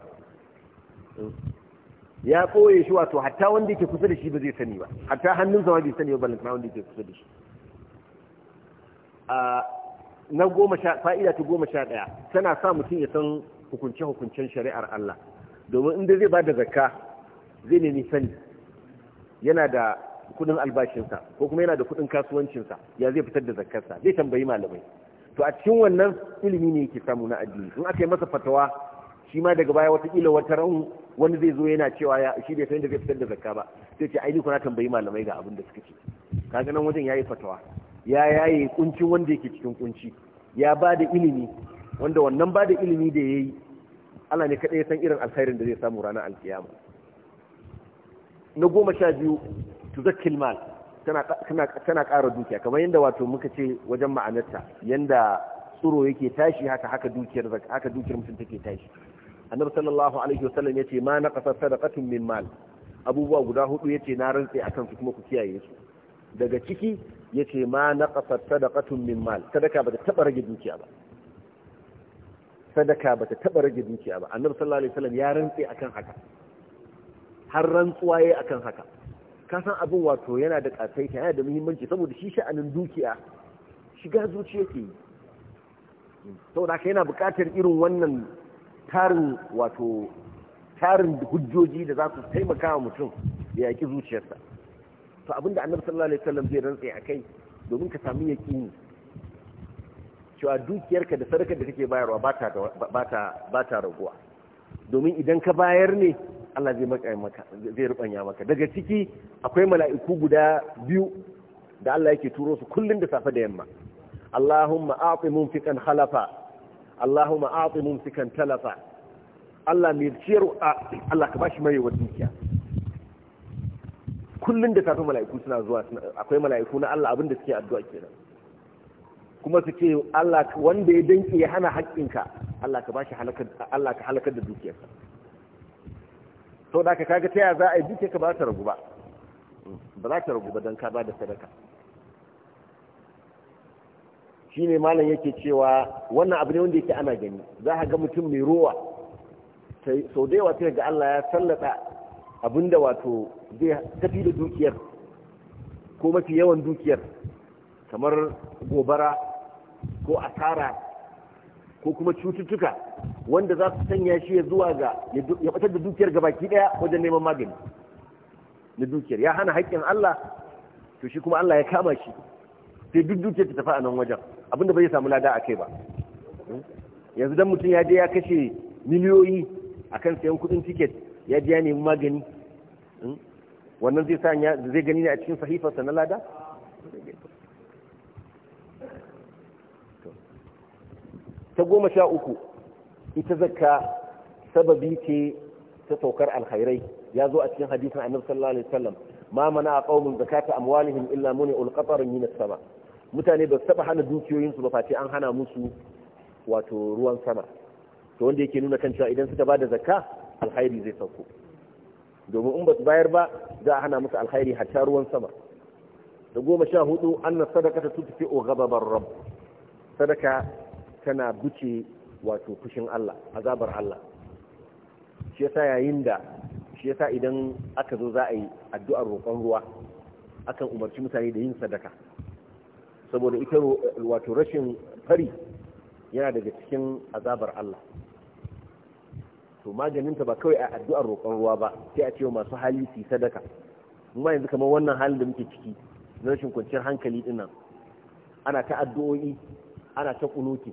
ya ɓoye shi wato hatta wanda yake kusa da shi ba zai sani ba hatta hannun zama bai sani ba balantana wanda yake kusa da shi na goma sha fa'ida ta goma sha ɗaya tana sa mutum ya san hukunce-hukuncen shari'ar Allah domin inda zai ba da zakka zai nemi sani yana da kudin albashinsa ko kuma yana da kudin kasuwancinsa ya zai fitar da zakkarsa zai tambayi malamai to a cikin wannan ilimi ne yake samu na addini in aka yi masa fatawa shi ma daga baya watakila wata ran wani zai zo yana cewa ya shi bai san da zai fitar da zakka ba sai ce ainihin kuna tambayi malamai ga abin da suka ce kaga nan wajen yayi fatawa ya yayi kuncin wanda yake cikin kunci ya ba da ilimi wanda wannan ba da ilimi da yayi Allah ne kadai ya san irin alkhairin da zai samu ranar alkiyama na goma sha biyu tuzakkil mal tana ƙara dukiya kamar yadda wato muka ce wajen ma'anarta yadda tsuro yake tashi haka haka dukiyar haka dukiyar mutum take tashi annabi sallallahu alaihi wasallam yace ma na naqasa sadaqatun min mal abubuwa guda hudu yace na rantsi akan su kuma ku kiyaye su daga ciki yace ma na naqasa sadaqatun min mal sadaka bata taba rage dukiya ba sadaka bata taba rage dukiya ba annabi sallallahu alaihi wasallam ya rantsi akan haka har rantsuwa yayi akan haka ka san abin wato yana da ƙasaita yana da muhimmanci saboda shi sha'anin dukiya shiga zuciya ke yi saboda ka yana buƙatar irin wannan tarin wato tarin hujjoji da za su taimaka wa mutum ya yaƙi zuciyarsa to abinda annabi sallallahu alaihi wasallam zai rantsa a kai domin ka sami yaƙini cewa dukiyarka da sadakar da kake bayarwa ba ta raguwa domin idan ka bayar ne Allah zai maka maka zai rubanya maka daga ciki akwai mala'iku guda biyu da Allah yake turo su kullun da safe da yamma Allahumma a'ti munfiqan khalafa Allahumma a'ti munfiqan talafa Allah mai ciyar Allah ka bashi mai dukiya kullun da safe mala'iku suna zuwa akwai mala'iku na Allah abinda suke addu'a kenan kuma su ce Allah wanda ya danke ya hana haƙƙinka Allah ka bashi shi Allah ka halakar da dukiyarsa sau da ka kaga taya za a yi duke ka ba ta ragu ba ba za ta ragu ba don ka ba da sadaka shi ne malam yake cewa wannan abu ne wanda yake ana gani za a ga mutum mai rowa sau da yawa sai Allah ya sallata da wato zai tafi da dukiyar ko mafi yawan dukiyar kamar gobara ko asara ko kuma cututtuka wanda za su sanya shi ya zuwa ga ya batar da dukiyar gabaki daya wajen neman magani na dukiyar ya hana haƙƙin Allah to shi kuma Allah ya kama shi sai duk dukiyar ta tafi a nan wajen abinda bai samu lada a kai ba yanzu dan mutum ya je ya kashe miliyoyi akan sayan kuɗin tiket ya je ya nemi magani wannan zai sa zai gani ne a cikin sahifarsa na lada ta goma sha uku ita zakka sababi ce ta saukar alkhairai ya zo a cikin hadisin annabi sallallahu alaihi wasallam ma mana qaumun zakata amwalihim illa muni ulqatar min as-sama mutane ba su taba hana su ba face an hana musu wato ruwan sama to wanda yake nuna kan cewa idan suka bada zakka alkhairi zai sauko domin in ba su bayar ba za a hana musu alkhairi ta ruwan sama da goma sha hudu annas sadaqata tutfi'u ghadabar rabb sadaka tana buce wato fushin Allah azabar Allah shi yasa yayin da shi yasa idan aka zo za a yi addu'ar roƙon ruwa akan umarci mutane da yin sadaka saboda ita wato rashin fari yana daga cikin azabar Allah to maganinta ba kawai a addu'ar roƙon ruwa ba sai a cewa masu hali su sadaka kuma yanzu kamar wannan halin da muke ciki na rashin kwanciyar hankali dinnan ana ta addu'o'i ana ta kunuti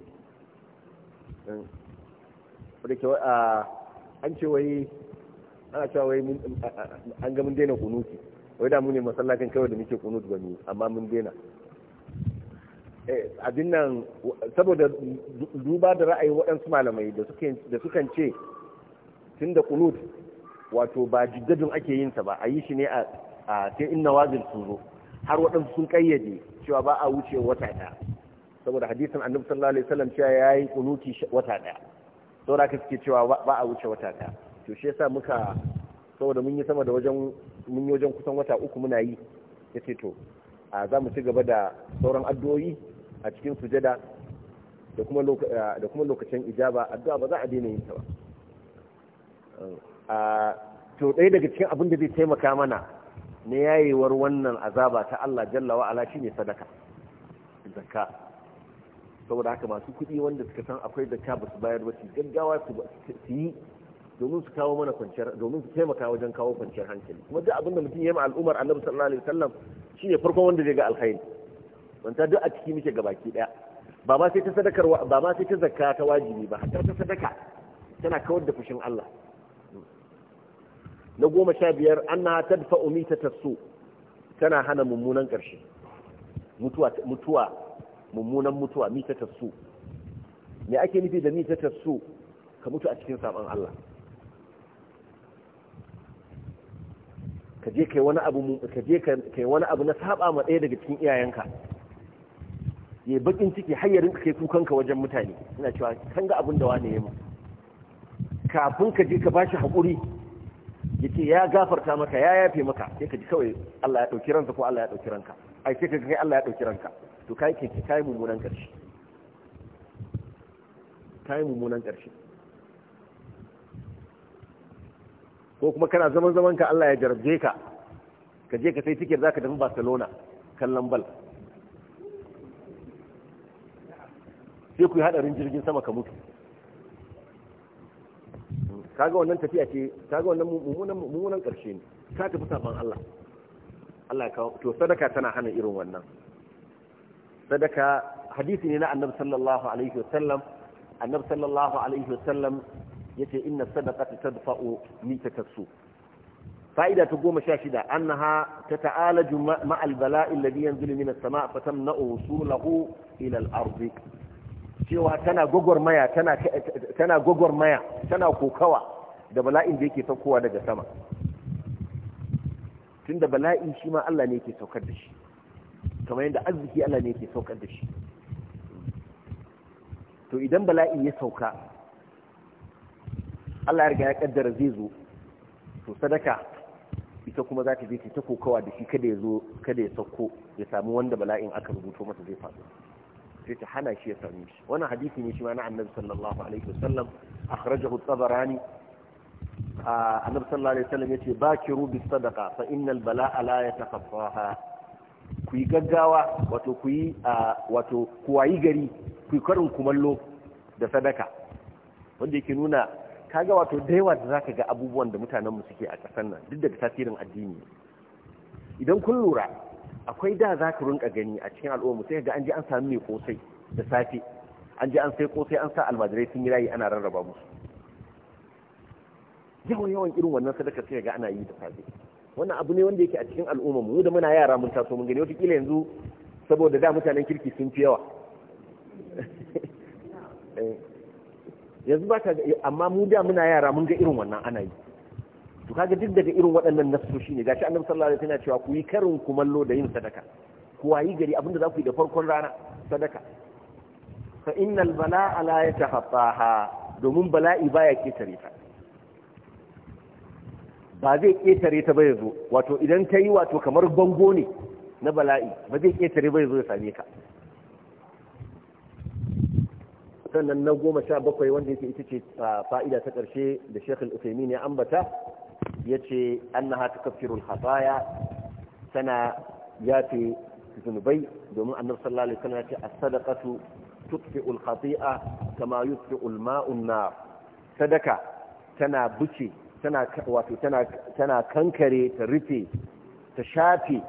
an ce wai ana cewa wai an ga mun daina kunuti wai da mun ne masallacin kawai da muke kunut ba amma mun daina eh, a nan saboda duba da ra'ayin waɗansu malamai da sukan ce tun da kunut wato ba jiddadin ake yin sa ba a yi shi ne a sai inna wazir sun zo har waɗansu sun kayyade cewa ba a wuce wata ɗaya saboda hadisin annabi sallallahu alaihi wasallam cewa yayi kunuti wata daya saboda haka suke cewa ba a wuce wata daya to shi yasa muka saboda mun yi sama da wajen mun yi wajen kusan wata uku muna yi yace to a za mu ci gaba da sauran addu'o'i a cikin sujada da kuma da kuma lokacin ijaba addu'a ba za a daina yin ta ba a to ɗaya daga cikin abin da zai taimaka mana na yayewar wannan azaba ta Allah jalla wa ala shine sadaka zakka saboda haka masu kuɗi wanda suka san akwai da ba basu bayar ba gaggawa su yi domin su kawo mana kwanciyar domin su taimaka wajen kawo kwanciyar hankali kuma duk abinda mutum ya ma al'ummar annabi sallallahu alaihi wasallam shine farkon wanda zai ga alkhairi wanta duk a ciki muke gabaki daya ba ma sai ta sadakar ba ma sai ta zakka ta wajibi ba har ta sadaka tana kawar da fushin Allah na goma sha biyar annaha tadfa'u ta tasu tana hana mummunan karshe mutuwa mutuwa mummunan mutuwa mita su me ake nufi da mita su ka mutu a cikin saban Allah ka je kai wani abu ka je kai wani abu na saba ma ɗaya daga cikin iyayenka ya bakin ciki hayyarin kai kukan ka wajen mutane ina cewa kan ga abin da wani ya mu kafin ka je ka bashi haƙuri ya ce ya gafarta maka ya yafe maka sai ka ji kawai Allah ya ɗauki ransa ko Allah ya ɗauki ranka ai ka kaga kai Allah ya ɗauki ranka to kai ke kai mummunan ƙarshe kai mummunan ƙarshe ko kuma kana zaman zaman ka Allah ya jarabje ka ka je ka sai tiket zaka tafi Barcelona kallon bal sai ku yi hadarin jirgin sama ka mutu kaga wannan tafiya ce kaga wannan mummunan ƙarshe ne ka tafi saban Allah Allah ya kawo to sadaka tana hana irin wannan sadaka hadisi ne na annabi sallallahu alaihi wa sallam annabi sallallahu alaihi wa sallam yace inna sadaqata tadfa'u mitata su fa'ida ta goma sha shida annaha tata'alaju ma'a al-bala'i alladhi yanzilu min as-sama' fatamna'u wusulahu ila al-ardi cewa tana gogormaya tana tana gogormaya tana kokawa da bala'in da yake saukowa daga sama tunda bala'i shi ma Allah ne yake saukar da shi kamar yadda arziki Allah ne yake saukar da shi to idan bala'i ya sauka Allah ya riga ya kaddara zai zo to sadaka ita kuma za ta je ta kokawa da shi kada ya zo kada ya sauko ya samu wanda bala'in aka rubuto masa zai faɗo sai ta hana shi ya same shi wannan hadisi ne shi ma na annabi sallallahu alaihi wasallam akhrajahu at-tabarani annabi sallallahu alaihi wasallam yace bakiru bis sadaqa fa innal bala'a la yatakaffaha ku yi gaggawa wato ku yi wato ku wayi gari ku yi karin kumallo da sadaka wanda yake nuna kaga wato da yawa da zaka ga abubuwan da mutanen mu suke a kasar nan duk daga tasirin addini idan kun lura akwai da za ka rinka gani a cikin al'umma sai ga an je an sami mai kosai da safe an je an sai kosai an sa almajirai sun yi rayi ana rarraba musu yawan yawan irin wannan sadaka sai ga ana yi da safe wannan abu ne wanda yake a cikin al'umma mu da muna yara mun taso mun gani wata kila yanzu saboda da mutanen kirki sun fi yawa eh. yanzu ba ka amma mu da muna yara mun ga irin wannan ana yi to kaga duk daga irin waɗannan nasoshi ne gashi annabi sallallahu alaihi wasallam yana cewa ku yi karin kumallo da yin sadaka ku wayi gari abinda za ku yi da farkon rana sadaka fa innal bala'a la yatahaffaha domin bala'i baya tare ta ba zai ƙetare ta ba ya zo wato idan ta yi wato kamar bango ne na bala'i ba zai ƙetare ba ya zo ya same ka sannan na goma sha bakwai wanda yake ita ce fa'ida ta ƙarshe da shekul usaimi ne ambata ya ce annaha kafirul khataya tana yafe zunubai domin annabi sallallahu alaihi wasallam ya ce as-sadaqatu tutfi'ul khati'a kama yutfi'ul ma'un nar sadaka tana buce tana wato tana kankare ta rufe ta shafe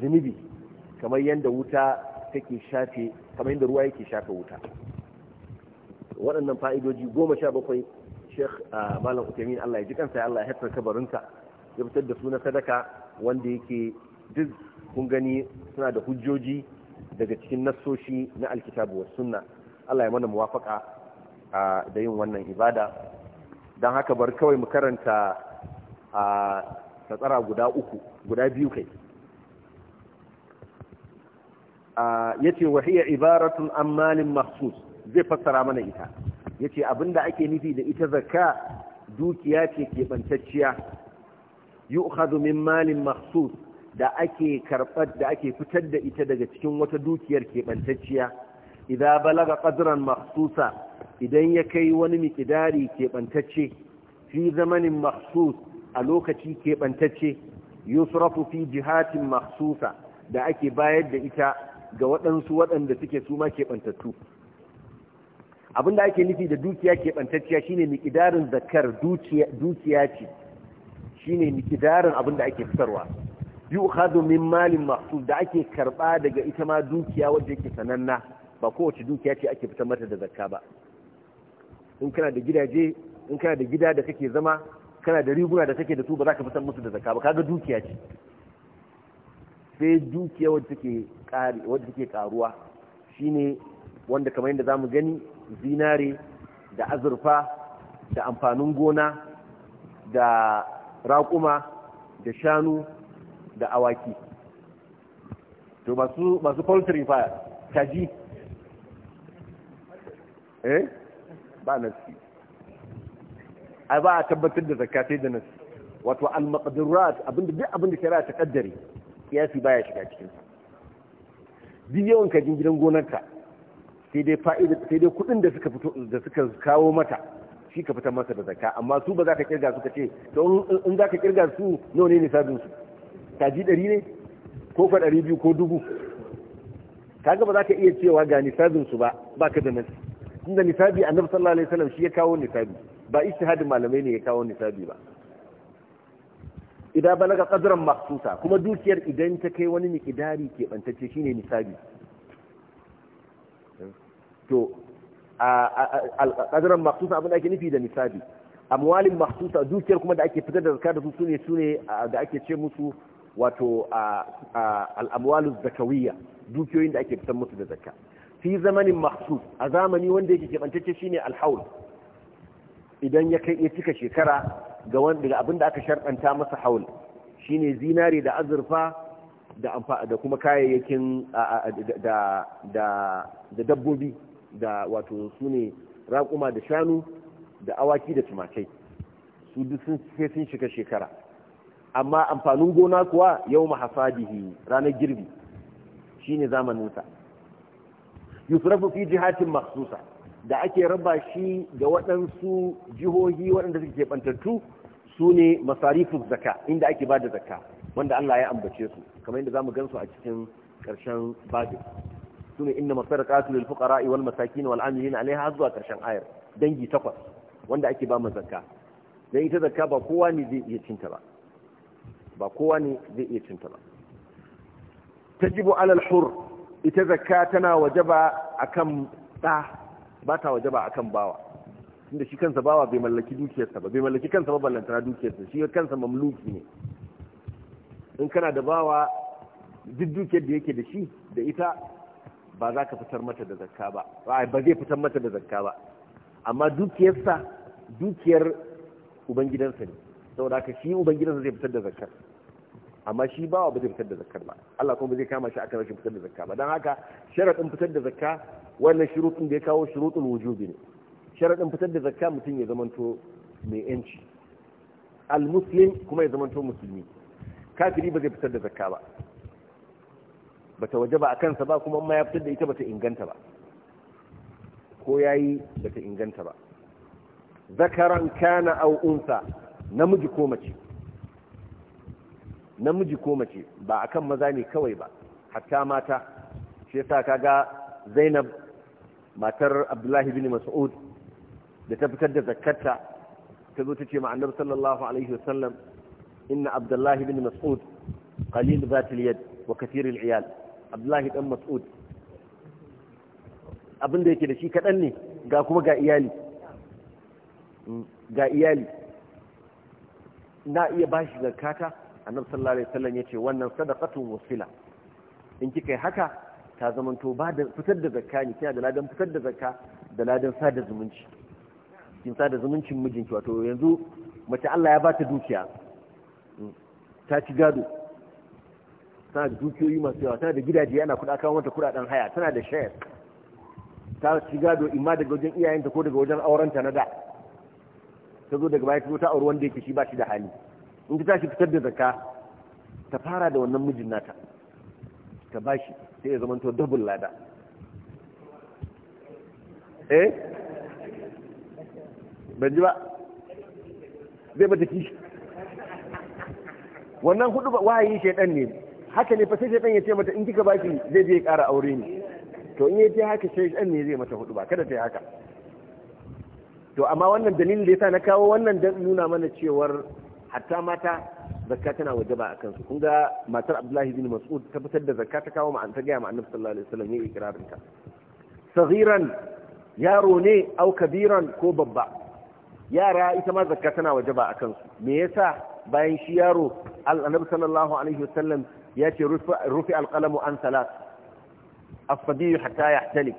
zunubi kamar yadda wuta take shafe kamar yadda ruwa yake shafe wuta waɗannan fa'idoji goma sha bakwai sheikh ah, malam utamin allah ya ji kansa ya allah ya haifar kabarinsa ya fitar da suna sadaka wanda yake duk kun gani suna da hujjoji daga cikin nassoshi na alkitabu wa sunna Allah ya mana muwafaka ah, da yin wannan ibada don haka bar kawai mu karanta a tsatsara guda uku guda biyu kai ya ce wahiyar ibaratun an malin mahsus zai fassara mana ita ya ce abinda ake nufi da ita zakka dukiya ce keɓantacciya yi min malin mahsus da ake karɓar da ake fitar da ita daga cikin wata dukiyar keɓantacciya idan balaga ƙadiran mahsusa idan ya kai wani mikidari keɓantacce fi zamanin maksus a lokaci keɓantacce yusrafu fi jihatin maksusa da ake bayar da ita ga waɗansu waɗanda suke su ma keɓantattu abinda ake nufi da dukiya keɓantacciya shine mikidarin zakar dukiya ce shine mikidarin abinda ake fitarwa uka min malin maksus da ake karɓa daga ita ma dukiya wadda yake sananna ba kowace dukiya ce ake fitar mata da zakka ba in kana da gidaje in kana da gida da kake zama kana da riguna da kake da su ba za ka fitar musu da zakka ba kaga dukiya ce sai dukiya wadda take kare wadda take karuwa shine wanda kamar yadda zamu gani zinare da azurfa da amfanin gona da raƙuma da shanu da awaki to masu masu poultry fa kaji eh ba nasi ai ba a tabbatar da zakka sai da nasi wato al-maqdurat abinda duk abinda ra'a ta kaddare kiyasi baya shiga cikin sa din yawan ka gidan gonarka sai dai fa'ida sai dai kudin da suka fito da suka kawo mata shi ka fitar masa da zakka amma su ba za ka kirga su ka ce to in za ka kirga su nawa ne nisabin su kaji ɗari ne ko fa ɗari biyu ko dubu kaga ba za ka iya cewa ga nisabin su ba baka da nasi tunda nisabi annabi sallallahu alaihi wasallam shi ya kawo nisabi ba ijtihadin malamai ne ya kawo nisabi ba idan balaga qadran mahsusa kuma dukiyar idan ta kai wani miqdari ke bantacce shine nisabi to a qadran mahsusa abin da ake nufi da nisabi amwalin mahsusa dukiyar kuma da ake fitar da zakka da su sune sune da ake ce musu wato al amwalu zakawiyya dukiyoyin da ake fitar musu da zakka fi zamanin masu a zamani wanda yake shi shine alhaul idan ya kai ya cika shekara ga wanda da abinda aka sharɗanta masa haul shine zinare da azurfa da kuma kayayyakin da dabbobi da wato sune raƙuma da shanu da awaki da tumakai su duk sun sai sun shiga shekara amma amfanin gona kuwa yau mahasadihi ranar girbi shine zamaninsa yusrafu fi jihatin maksusa da ake raba shi ga waɗansu jihohi waɗanda suke bantattu su ne masarifu zaka inda ake ba da zaka wanda Allah ya ambace su kamar yadda zamu gansu a cikin ƙarshen babu su ne inna masarakatu lil fuqara wal masakin wal amilin alaiha zuwa ƙarshen ayar dangi takwas wanda ake ba mu zakka dan ita zakka ba kowa ne zai iya cinta ba ba kowa ne zai iya cinta ba tajibu alal hur ita zakka tana wajaba akan ɗa ba ta wajaba akan bawa tunda shi kansa bawa bai mallaki dukiyarsa ba bai mallaki kansa ba ballantana dukiyarsa shi kansa mamluki ne in kana da bawa duk dukiyar da yake da shi da ita ba za ka fitar mata da zakka ba ba zai fitar mata da zakka ba amma dukiyarsa dukiyar ubangidansa ne saboda haka shi ubangidansa zai fitar da zakka. amma shi bawa ba zai fitar da zakka ba Allah kuma zai kama shi akan rashin fitar da zakka ba dan haka sharadin fitar da zakka wannan shurutun da ya kawo shurutul wujubi ne sharadin fitar da zakka mutum ya zamanto mai yanci al muslim kuma ya zamanto musulmi kafiri ba zai fitar da zakka ba bata wajaba a kansa ba kuma ma ya fitar da ita bata inganta ba ko yayi bata inganta ba zakaran kana au'unsa namiji ko mace namiji ko mace ba akan maza ne kawai ba hatta mata shi yasa kaga Zainab matar Abdullahi bin Mas'ud da ta fitar da zakarta ta zo ta ce ma Annabi sallallahu alaihi wasallam inna Abdullahi bin Mas'ud qalil zatil yad wa kathir al iyal Abdullahi dan Mas'ud abin da yake da shi kadan ne ga kuma ga iyali hmm, ga iyali na iya bashi zakata annabi sallallahu alaihi wasallam yace wannan sadaqatu wasila in kika haka ta to ba da fitar da zakka ne kina da ladan fitar da zakka da ladan sada zumunci kin sada zumuncin mijinki wato yanzu mace Allah ya ba ta dukiya mm, ta ci gado tana da dukiyoyi masu yawa tana da gidaje yana kuɗa kawo mata kuɗaɗen haya tana da shayar ta ci gado imma daga wajen iyayenta ko daga wajen aurenta na da ta zo daga baya ta zo ta auri wanda yake shi ba shi da hali in ka tashi fitar da zaka ta fara da wannan mijin nata ka bashi sai ya zama to double lada eh ban ji ba zai ta kishi wannan hudu wahayi shaidan ne haka ne fa sai shaidan ya ce mata in kika bashi zai je ya kara aure ne to in ya ce haka shaidan ne zai mata hudu ba kada ta yi haka to amma wannan dalilin da sa na kawo wannan nuna mana cewar حتى متى زكاتنا وجبا اكن سو كونغا ماتر عبد الله بن مسعود تبتدى زكاتك وما انت جاي مع النبي صلى الله عليه وسلم يي اقرارك صغيرا يا روني او كبيرا كو ببا يا را ايتا ما زكاتنا وجبا اكن سو ميسا باين شي يارو النبي صلى الله عليه وسلم ياتي رفع, القلم عن ثلاث الصبي حتى يحتلي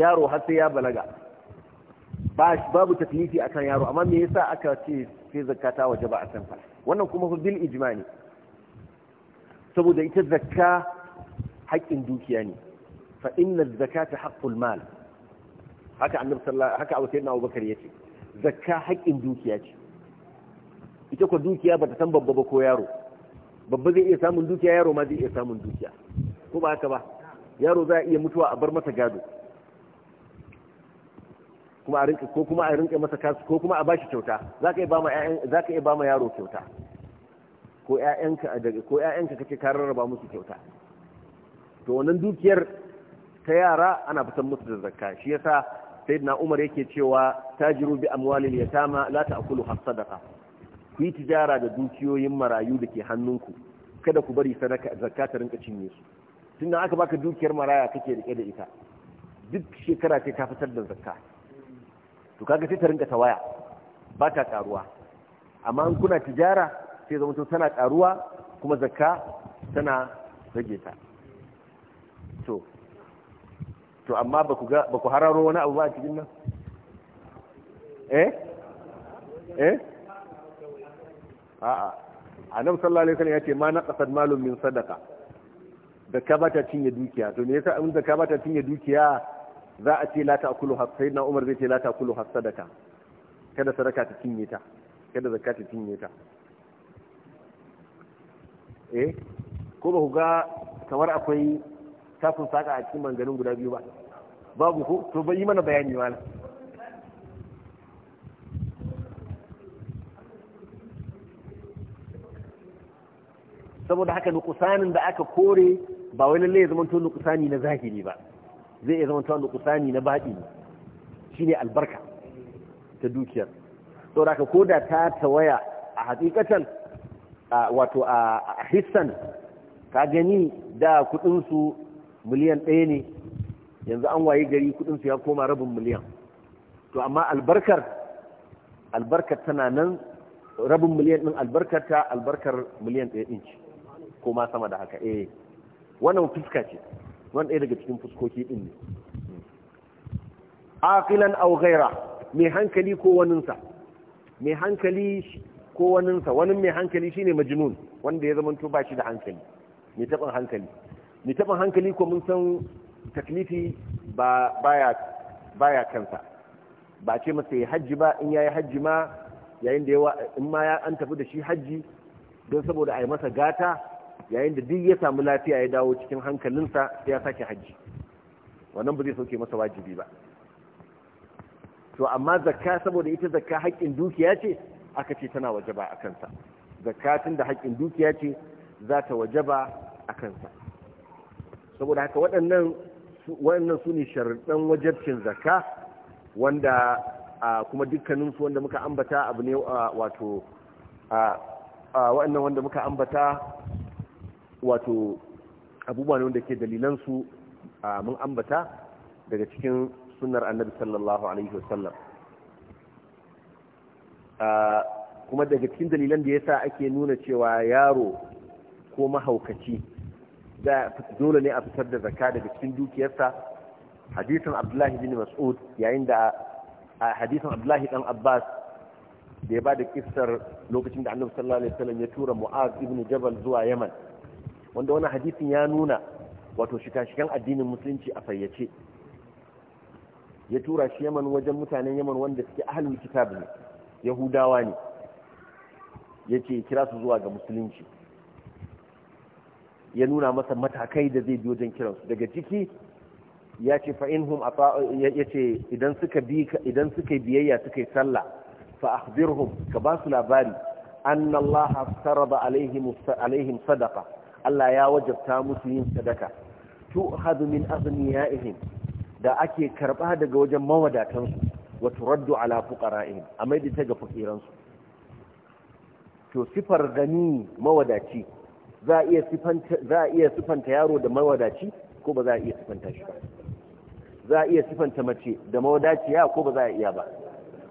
يا رو حتى يا بلغا babu taklifi akan yaro amma me yasa aka ce sai zakka ta waje ba a san fa wannan kuma fa bil ijma ne saboda ita zakka haƙƙin dukiya ne fa inna zakata haqqul mal haka annabi sallallahu haka abu sayyidina abubakar yace zakka haƙƙin dukiya ce ita ko dukiya bata san babba ba ko yaro babba zai iya samun dukiya yaro ma zai iya samun dukiya ko ba haka ba yaro za a iya mutuwa a bar masa gado kuma a rinka ko kuma a rinka masa kasu ko kuma a bashi kyauta ka iya bama ƴaƴan yaro kyauta ko ƴaƴanka daga ko ƴaƴanka kake ka rarraba musu kyauta to wannan dukiyar ta yara ana fitan musu da zakka shi yasa sayyidina Umar yake cewa ta tajiru bi amwalil yatama la ta'kulu hasadaka ku yi tijara da dukiyoyin marayu da ke hannunku kada ku bari sadaka zakka ta rinka cinye su tunda aka baka dukiyar maraya kake rike da ita duk shekara ce ka fitar da zakka to kaga sai ta rinka tawaya ba ta karuwa amma in kuna tijara sai zama tana karuwa kuma zakka tana rage ta to to amma ba ku ga ba ku hararo wani abu ba a cikin nan eh eh a annabi sallallahu alaihi wasallam yace ma naqasad malum min sadaqa zakka ba ta cinye dukiya to me yasa in zakka ba ta cinye dukiya za a ce la ta'kulu hasai na Umar zai ce la ta'kulu hasadaka kada sadaka ta cinye ta kada zakka ta cinye ta eh ko ba ku ga kamar akwai tafin saka a cikin manganin guda biyu ba babu ko to bai yi mana bayani ne. saboda haka nukusanin da aka kore ba wani lalle ya zama to nukusani na zahiri ba zai iya zama ta nukusani na baɗi shine albarka ta dukiyar saboda ko da ta tawaya a hakikatan wato a hissan ka gani da kudinsu miliyan ɗaya ne yanzu an waye gari kudinsu ya koma rabin miliyan to amma albarkar albarkar tana nan rabin miliyan ɗin albarkar ta albarkar miliyan ɗaya ɗin ce ko ma sama da haka eh wannan fuska ce wani ɗaya daga cikin fuskoki ɗin ne aqilan aw ghaira mai hankali ko waninsa mai hankali ko waninsa wani mai hankali shine majnun wanda ya to ba shi da hankali mai taɓin hankali mai taɓin hankali ko mun san taklifi ba baya baya kansa ba ce masa ya hajji ba in yayi hajji ma yayin da yawa in ma ya an tafi da shi hajji don saboda a yi masa gata yayin da duk ya samu lafiya ya dawo cikin hankalinsa sai ya sake hajji wannan ba zai sauke masa wajibi ba to amma zakka saboda ita zakka haƙƙin dukiya ce aka ce tana wajaba a kansa zakka tun da haƙƙin dukiya ce za ta wajaba a kansa saboda haka waɗannan waɗannan su ne sharuɗan wajabcin zakka wanda kuma dukkaninsu wanda muka ambata abu ne wato waɗannan wanda muka ambata wato abubuwa ne wanda ke dalilansu mun ambata daga cikin sunar annabi sallallahu alaihi wasallam kuma daga cikin dalilan da yasa ake nuna cewa yaro ko mahaukaci da dole ne a fitar da zakka daga cikin dukiyarsa hadisin abdullahi bin mas'ud yayin da a hadisin abdullahi dan abbas da ya ba da kissar lokacin da annabi sallallahu alaihi wasallam ya tura mu'az ibn jabal zuwa yaman wanda wani hadisin ya nuna wato shika-shikan addinin musulunci a fayyace ya tura shi yaman wajen mutanen yaman wanda suke ahalin kitab ne yahudawa ne ya ce kira su zuwa ga musulunci ya nuna masa matakai da zai biyo don kiransu daga ciki ya ce fa'inhum ya ce idan suka biyayya suka yi sallah fa'ahbirhum ka ba su labari an Allah saraba alaihim sadaka Allah ya wajabta musu yin sadaka hadu min azniyaihim da ake karba daga wajen mawadatansu wa turaddu ala fuqara'ihim amma da ta ga su to sifar gani mawadaci za iya sifanta za iya sifanta yaro da mawadaci ko ba za iya sifanta shi ba za iya sifanta mace da ya ko ba za iya ba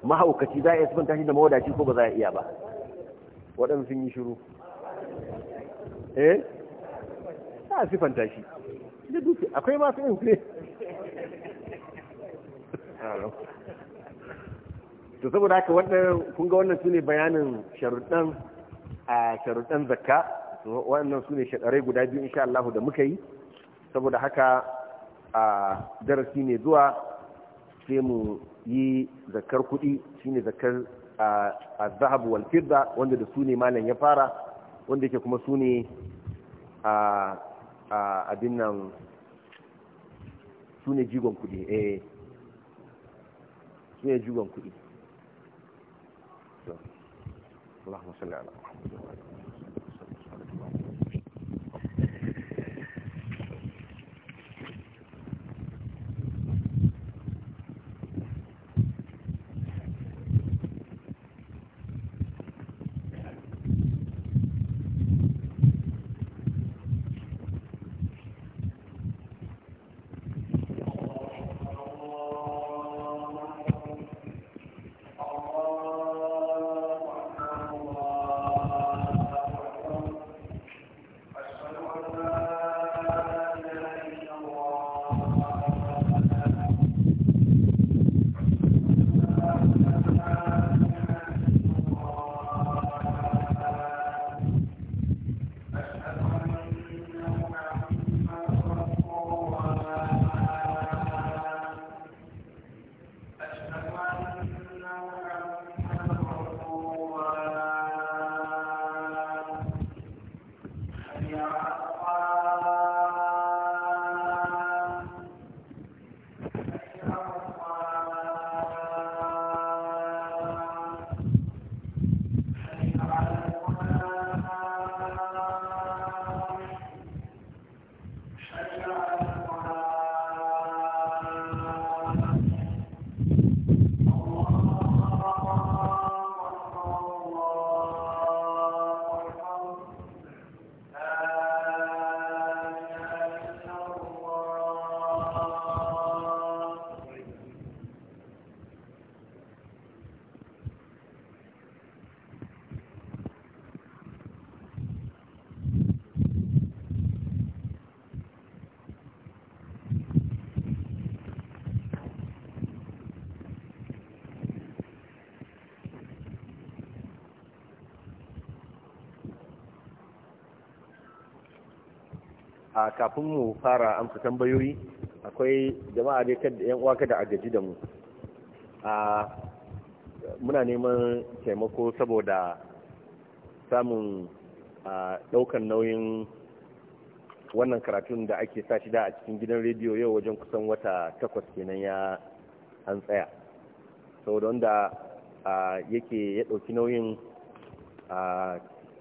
mahaukaci za iya sifanta shi da mawadaci ko ba za iya ba waɗansu sun yi shiru eh za a sifanta shi da dutse akwai masu yin kure to saboda haka wannan kun ga wannan sune bayanin sharuɗan a sharuɗan zakka wannan sune shaɗarai guda biyu insha Allah da muka yi saboda haka a darasi ne zuwa sai mu yi zakkar kuɗi shine zakkar a zahabu wal firda wanda da sune malam ya fara wanda yake kuma sune a abin nan su ne jigon kudi eh su ne jigon kudi a kafin mu fara amsa tambayoyi akwai jama'a dai ta yan uwa kada a gaji da mu a muna neman taimako saboda samun daukan nauyin wannan karatun da ake sa shi da a cikin gidan rediyo yau wajen kusan wata takwas kenan ya an tsaya saboda wanda yake ya ɗauki nauyin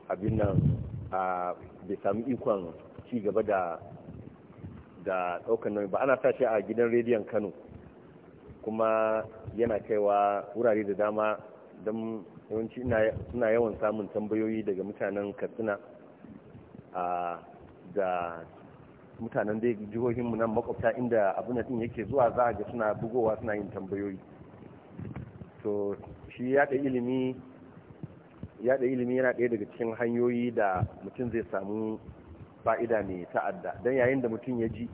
abin nan bai sami ikon ci gaba da da daukan nauyi ba ana sa a gidan rediyon kano kuma yana kaiwa wurare da dama don yawanci ina yawan samun tambayoyi daga mutanen katsina da mutanen da jihohinmu nan makwabta inda abin din yake zuwa za a ga suna bugowa suna yin tambayoyi to shi ilimi yaɗa ilimi yana ɗaya daga cikin hanyoyi da mutum zai samu fa'ida mai ta'adda don yayin da mutum ya ji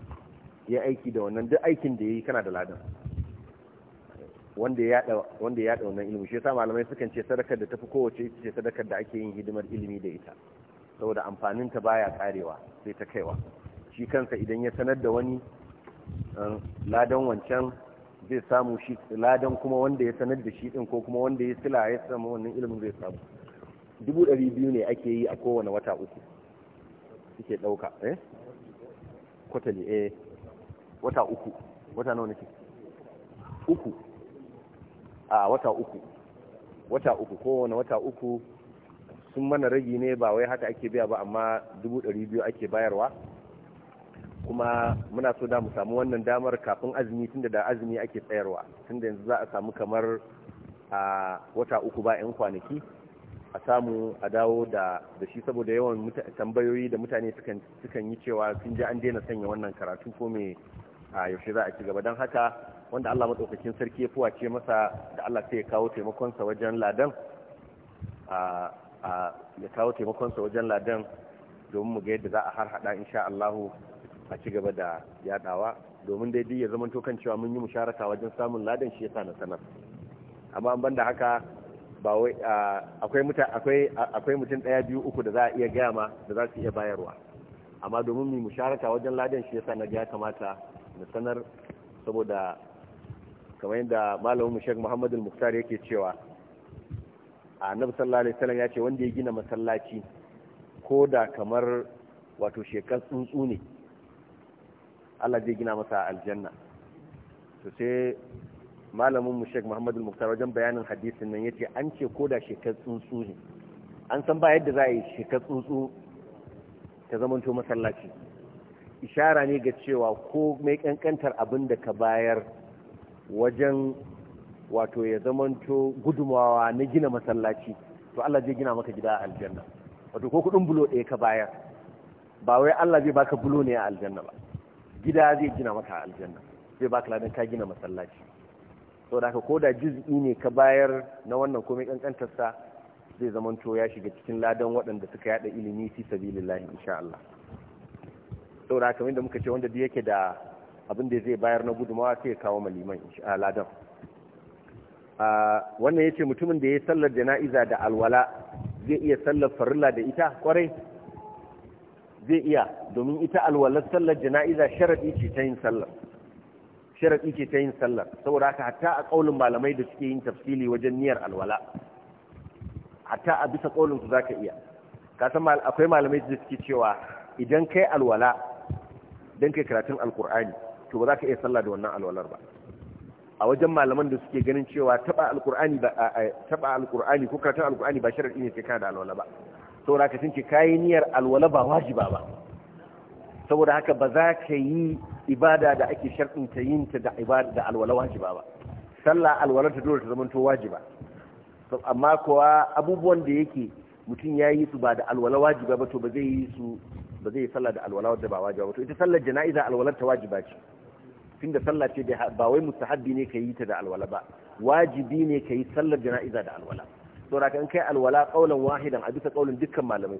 ya aiki da wannan duk aikin da ya yi kana da ladan wanda ya yada wannan ilimi shi yasa malamai sukan ce sadakar da tafi kowace ita ce sadakar da ake yin hidimar ilimi da ita saboda amfanin ta baya karewa sai ta kaiwa shi kansa idan ya sanar da wani um, ladan wancan zai samu shi ladan kuma wanda ya sanar da shi din ko kuma wanda ya sila ya samu wannan ilimin zai samu dubu ɗari biyu ne ake yi a kowane wata uku suke ɗauka eh kwatali eh wata uku wata nawa nake uku a wata uku wata uku kowane wata uku sun mana ragi ne ba wai haka ake biya ba amma dubu ɗari biyu ake bayarwa kuma muna so da mu samu wannan damar kafin azumi tunda da azumi ake tsayarwa tunda yanzu za a samu kamar a wata uku ba 'yan kwanaki a samu a dawo da shi saboda yawan tambayoyi da mutane sukan yi cewa sun ji an daina sanya wannan karatu ko me a yaushe za a ci gaba don haka wanda Allah maɗaukakin sarki ya fuwace masa da Allah sai ya kawo taimakonsa wajen ladan ya kawo taimakonsa wajen ladan domin mu ga yadda za a harhaɗa insha Allahu a ci gaba da yaɗawa domin daidai ya zama kan cewa mun yi musharaka wajen samun ladan shi ya sa na sanar amma ban da haka ba wai akwai mutum akwai mutum daya biyu uku da za a iya gaya ma da za su iya bayarwa amma domin mu musharaka wajen ladan shi yasa na ga kamata na sanar saboda kamar yadda malamin mu muhammadu Muhammad muktar yake cewa annabi sallallahu alaihi wasallam ya ce wanda ya gina masallaci ko da kamar wato shekar tsuntsu ne Allah zai gina masa aljanna to sai malamin mu Sheikh Muhammad Al-Muktar wajen bayanin hadisin nan yace an ce ko da shekar tsuntsu ne an san ba yadda za a yi shekar tsuntsu ta zamanto masallaci ishara ne ga cewa ko mai kankantar abin da ka bayar wajen wato ya zamanto gudumawa na gina masallaci to Allah zai gina maka gida a aljanna wato ko kudin bulo ɗaya ka bayar ba wai Allah zai baka bulo ne a aljanna ba gida zai gina maka a aljanna zai baka ladan ka gina masallaci saboda haka ko da juz'i ne ka bayar na wannan komai kankantarsa zai to ya shiga cikin ladan waɗanda suka yada ilimi fi sabilillahi insha Allah saboda haka kamar da muka ce wanda duk yake da abin da zai bayar na gudumawa sai ya kawo maliman a ladan wannan yace mutumin da ya sallar jana'iza da alwala zai iya sallar farilla da ita kwarai zai iya domin ita alwalar sallar jana'iza sharadi ce ta yin sallar sharaɗi ke ta yin sallar saboda haka hatta a ƙaunin malamai da suke yin tafsili wajen niyyar alwala hatta a bisa ƙaunin su zaka iya ka san akwai malamai da suke cewa idan kai alwala dan kai karatun alkur'ani to ba za ka iya sallah da wannan alwalar ba a wajen malaman da suke ganin cewa taba alkur'ani ba taba alkur'ani ko karatun alkur'ani ba sharaɗi ne sai kana da alwala ba saboda haka sun ce kayi niyyar alwala ba wajiba ba saboda haka ba za ka yi ibada da ake ta yin ta da ibada da alwala wajiba ba sallah alwala ta dole ta zama to wajiba amma kuwa abubuwan da yake mutum ya yi su ba da alwala wajiba ba to ba zai yi su ba zai yi sallah da alwala wadda ba wajiba ba to ita sallar jana'iza alwalar ta wajiba ce tunda sallah ce ba wai mustahabbi ne ka yi ta da alwala ba wajibi ne ka yi sallar jana'iza da alwala saboda kan kai alwala kaulan wahidan a bisa kaulan dukkan malamai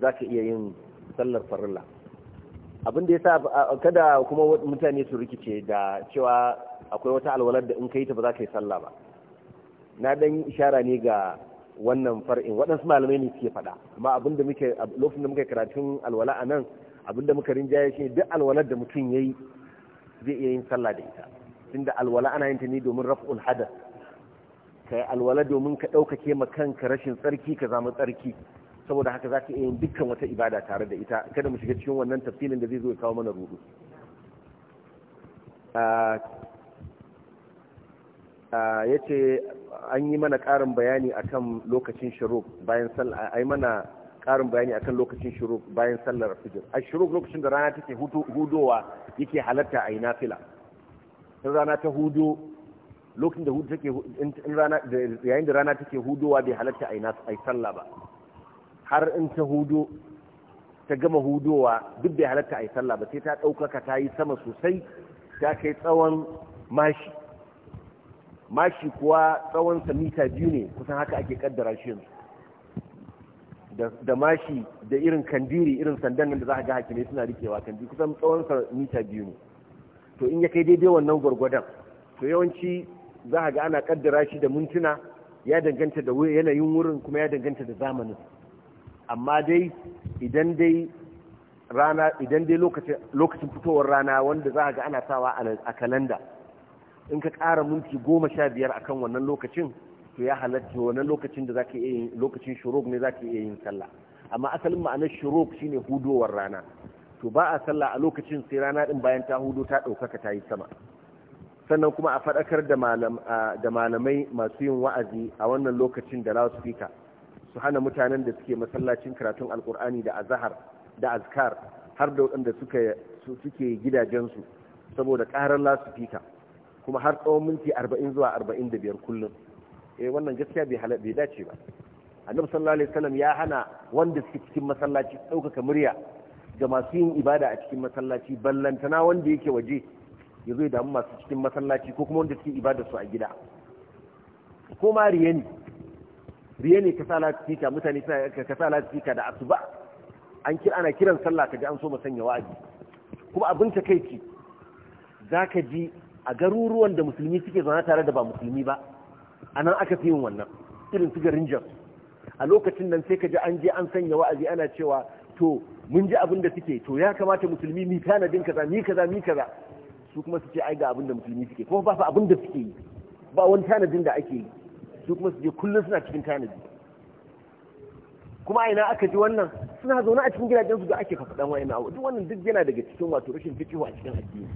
za ka iya yin sallar farilla abin ya sa kada kuma mutane su rikice da cewa akwai wata alwalar da in ka yi ta ba za ka yi sallah ba na dan ishara ne ga wannan far'in waɗansu malamai ne suke faɗa amma abin da muke lokacin da muke karatun alwala a nan abin da muka rinjaye shi duk alwalar da mutum ya yi zai iya yin sallah da ita tunda alwala ana yin ta ne domin raf'ul hadas kai alwala domin ka ɗaukake ma kanka rashin tsarki ka zama tsarki saboda haka za ka iya yin dukkan wata ibada tare da ita kada mu shiga cikin wannan tafsirin da zai zo ya kawo mana rudu ya ce an yi mana ƙarin bayani akan lokacin shiruk bayan sallah ai mana karin bayani akan lokacin shiruk bayan sallar fijir a shiruk lokacin da rana take hudowa yake halatta a yi nafila in rana ta hudo lokacin da yayin da rana take hudowa bai halatta a yi sallah ba har in ta hudo ta gama hudowa duk da halatta a yi sallah ba sai ta ɗaukaka ta yi sama sosai ta kai tsawon mashi mashi kuwa tsawonsa mita biyu ne kusan haka ake kaddara shi yanzu da mashi da irin kandiri irin sandan nan da za a ga ne suna rikewa kandi kusan tsawonsa mita biyu ne to in ya kai daidai wannan gwargwadon to yawanci za a ga ana kaddara shi da mintuna ya danganta da yanayin wurin kuma ya danganta da zamanin amma dai idan dai rana idan dai lokacin fitowar rana wanda za ga ana sawa a kalanda in ka kara minti goma sha biyar a kan wannan lokacin to ya halatta wannan lokacin da za ka iya lokacin shuruk ne za ka iya yin sallah amma asalin ma'anar shuruk shine hudowar rana to ba a sallah a lokacin sai rana din bayan ta hudo ta ɗaukaka ta yi sama sannan kuma a faɗakar da malamai masu yin wa'azi a wannan lokacin da loudspeaker su hana mutanen da suke masallacin karatun alkur'ani da azahar da azkar har da waɗanda suke gidajensu saboda ƙarar fita kuma har tsawon minti arba'in zuwa biyar kullum eh wannan gaskiya bai bai dace ba annabi sallallahu alaihi wasallam ya hana wanda suke cikin masallaci ɗaukaka murya ga masu yin ibada a cikin masallaci ballantana wanda yake waje ya zo damu masu cikin masallaci ko kuma wanda suke ibada su a gida ko ma ne riya ne ka sa lasifika mutane ka sa lasifika da asuba an kira ana kiran sallah kaji an so mu sanya wa'azi kuma abin takeici zaka ji a garuruwan da musulmi suke zauna tare da ba musulmi ba a nan aka fi yin wannan irin su garin jar a lokacin nan sai ka ji an je an sanya wa'azi ana cewa to mun ji abin da suke to ya kamata musulmi mi tanadin kaza mi kaza mi kaza su kuma su ce ai ga abin da musulmi suke kuma ba fa abin da suke yi ba wani tanadin da ake yi duk kuma su je kullum suna cikin tanadi kuma a ina aka ji wannan suna zaune a cikin gidajen su da ake faɗan wa'in abu duk wannan duk yana daga cikin wato rashin fikihu a cikin addini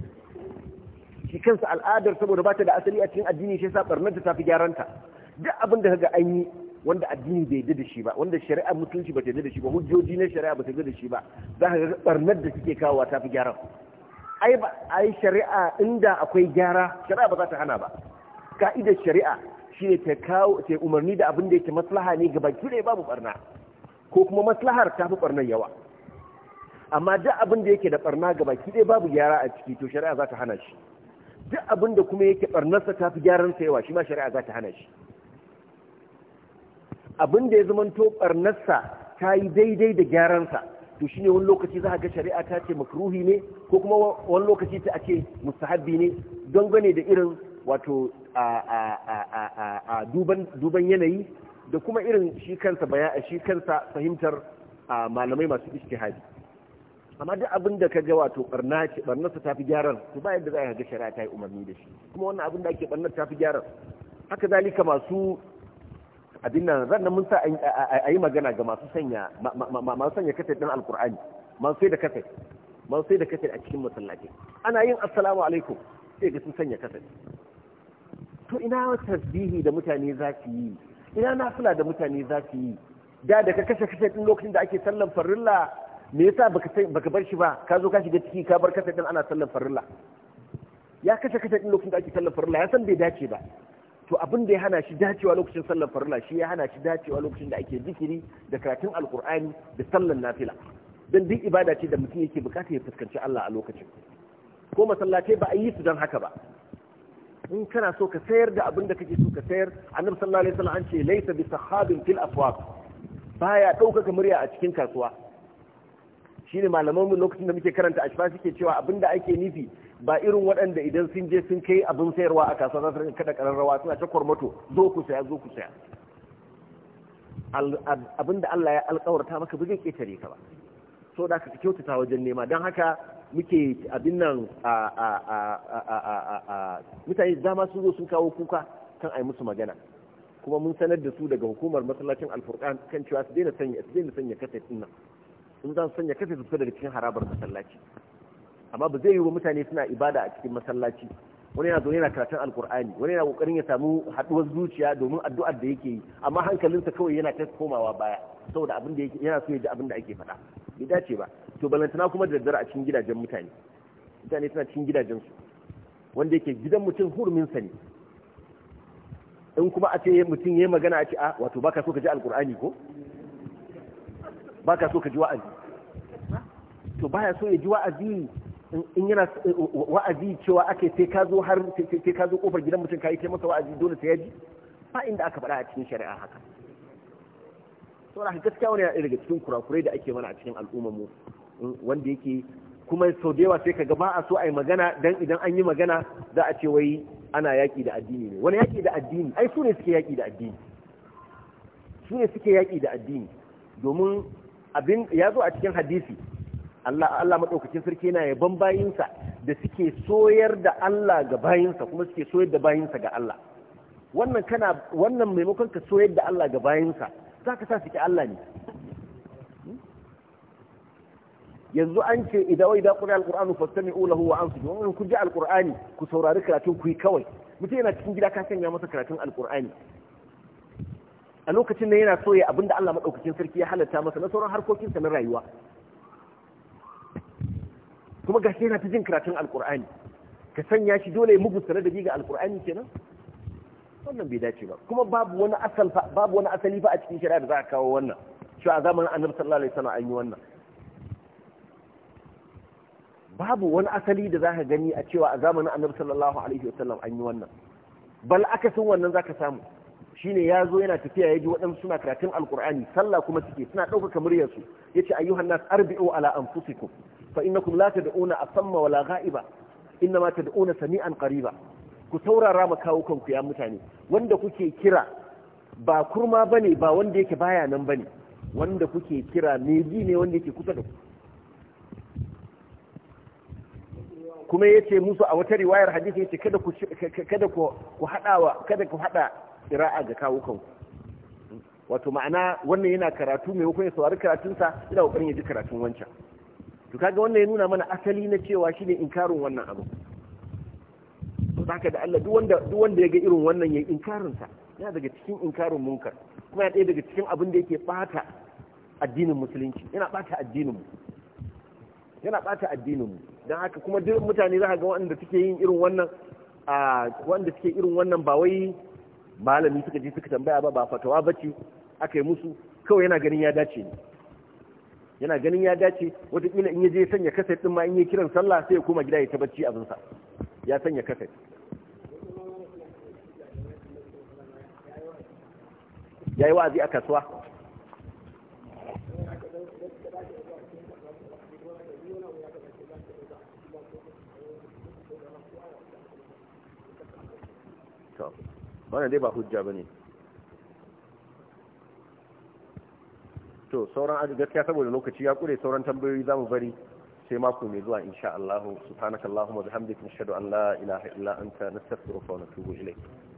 shi kansa al'adar saboda ba ta da asali a cikin addini shi yasa barnar ta tafi gyaranta duk abin da kaga an yi wanda addini bai yarda da shi ba wanda shari'a mutunci ba ta yarda da shi ba hujjoji na shari'a ba ta yarda da shi ba za ka ga barnar da suke kawowa ta fi gyaran ai ba ai shari'a inda akwai gyara shari'a ba za ta hana ba ka'idar shari'a ne ta kawo ta umarni da abin da yake maslaha ne ga baki ɗaya babu barna ko kuma maslahar ta fi barnar yawa amma duk abin da yake da barna ga baki ɗaya babu gyara a ciki to shari'a za ta hana shi duk abin da kuma yake barnarsa ta fi gyaran sa yawa shi ma shari'a za ta hana shi abin da ya zamanto barnarsa ta yi daidai da gyaran sa, to shi ne wani lokaci za a ga shari'a ta ce makruhi ne ko kuma wani lokaci ta ce mustahabbi ne don gane da irin wato a duban yanayi da kuma irin shi kansa shi kansa fahimtar malamai masu ijtihadi amma duk abin da ka ga wato barna ce barnarsa ta fi gyaran to ba yadda za a ga shari'a ta yi umarni da shi kuma wannan abin da ake barnar ta fi gyaran haka zalika masu abin nan zan mun sa a magana ga masu sanya masu sanya kaset din alkur'ani masu sai da kaset masu sai da a cikin masallaci ana yin assalamu alaikum sai ga sun sanya kaset to ina tasbihi da mutane za su yi ina nafila da mutane za su yi da da ka kashe kashe din lokacin da ake sallan farilla me yasa baka baka bar shi ba ka zo ka shiga ciki ka bar kashe din ana sallan farilla ya kashe kashe din lokacin da ake sallan farilla ya san bai dace ba to abin da ya hana shi dacewa lokacin sallan farilla shi ya hana shi dacewa lokacin da ake zikiri da karatun alkur'ani da sallan nafila don duk ibada ce da mutum yake bukata ya fuskanci Allah a lokacin ko masallatai ba a yi su don haka ba in kana so ka sayar da abin da kake so ka sayar annabi sallallahu alaihi wasallam an ce laysa bi sahabin fil aswaq baya ɗaukaka murya a cikin kasuwa shine malaman mu lokacin da muke karanta ashfa suke cewa abin ake nufi ba irin waɗanda idan sun je sun kai abin sayarwa a kasuwa za su rinka kada kararrawa suna ta kwarmato zo ku saya zo ku saya abinda Allah ya alƙawarta maka ba zai ketare ka ba so da ka kyautata wajen nema don haka muke abin nan mutane da dama sun zo sun kawo kuka kan ai musu magana kuma mun sanar da su daga hukumar masallacin alfurqan kan cewa su daina sanya su daina sanya kaset din nan sun zan sanya su daga cikin harabar masallaci amma ba zai yi wa mutane suna ibada a cikin masallaci wani yana zaune yana karatun alkur'ani wani yana kokarin ya samu haduwar zuciya domin addu'ar da yake yi amma hankalinsa kawai yana ta komawa baya saboda abin da yana so ya ji abin da ake faɗa bai dace ba to balantana kuma da daddare a cikin gidajen mutane mutane suna cikin gidajensu wanda yake gidan mutum hurumin sa ne in kuma a ce mutum yayi magana a ce a ah, wato baka so ka ji alkur'ani ko baka so ka ji wa'azi to baya so ya ji wa'azi in yana eh, wa'azi cewa ake sai ka zo har sai ka zo kofar gidan mutum ka yi masa wa'azi dole sai ya ji fa inda aka faɗa a cikin shari'a haka saboda haka gaskiya wani yana daga cikin kurakurai da ake mana a cikin al'ummar mu mm, wanda yake kuma sau da yawa sai ka gaba ba a so a yi magana dan idan an yi magana za a ce wai ana yaƙi da addini ne wani yaƙi da addini ai su ne suke yaƙi da addini su ne suke yaki da addini domin abin ya zo a cikin hadisi Allah Allah madaukakin sarki yana yaban bayinsa da suke soyar da Allah ga bayinsa kuma suke soyar da bayinsa ga Allah wannan kana wannan maimakon ka soyar da Allah ga bayinsa za ka sa su ki Allah ne yanzu an ce idan wai da ƙuri alƙur'anu fastami ulahu wa ansu don ku ji alƙur'ani ku saurari karatun ku yi kawai mutum yana cikin gida ka sanya masa karatun alƙur'ani a lokacin da yana so ya da Allah maɗaukacin sarki ya halatta masa na sauran harkokinsa na rayuwa kuma gashi yana ta jin karatun alƙur'ani ka sanya shi dole ya mugu da ga alƙur'ani kenan wannan bai dace ba kuma babu wani asal babu wani asali a cikin shari'a da za a kawo wannan Cewa a zamanin annabi sallallahu alaihi wasallam an yi wannan babu wani asali da za ka gani a cewa a zamanin annabi sallallahu alaihi wasallam an yi wannan bal akasin wannan za ka samu shine ya zo yana tafiya ya ji waɗansu suna karatun alkur'ani sallah kuma suke suna ɗaukaka muryarsu ya ce ayyuhan nas arbi'u ala anfusikum fa innakum la tad'una asamma wala gha'iba innama tad'una sami'an qariba ku taurara ma kawo kanku ya mutane wanda kuke kira ba kurma bane ba wanda yake baya nan bane wanda kuke kira mai bi ne wanda yake kusa da ku kuma yace musu a wata riwayar hadisi yace kada ku kada ku kada ku hada qira'a ga kawo kanku wato ma'ana wannan yana karatu mai hukun ya saurari karatunsa yana kokarin ya ji karatun wancan to kaga wannan ya nuna mana asali na cewa shine inkarin wannan abu baka da Allah duk wanda duk wanda yaga irin wannan yayi inkarin sa yana daga cikin inkarin munkar kuma yana ɗaya daga cikin abin da yake bata addinin musulunci yana bata addinin mu yana bata addinin mu dan haka kuma duk mutane za ka ga wanda suke yin irin wannan a wanda suke irin wannan ba wai malami suka je suka tambaya ba ba fatawa bace aka yi musu kawai yana ganin ya dace ne yana ganin ya dace wataƙila in ya je sanya kaset ɗin ma in ya kiran sallah sai ya koma gida ya ta bacci abinsa ya sanya kaset ya yi wa'azi a kasuwa wannan dai ba hujja ba ne to sauran gaskiya saboda lokaci ya kure sauran tambayoyi za mu bari sai mako mai zuwa insha Allah subhanakallahumma bihamdika nashhadu an la ilaha illa anta nastaghfiruka wa natubu ilayk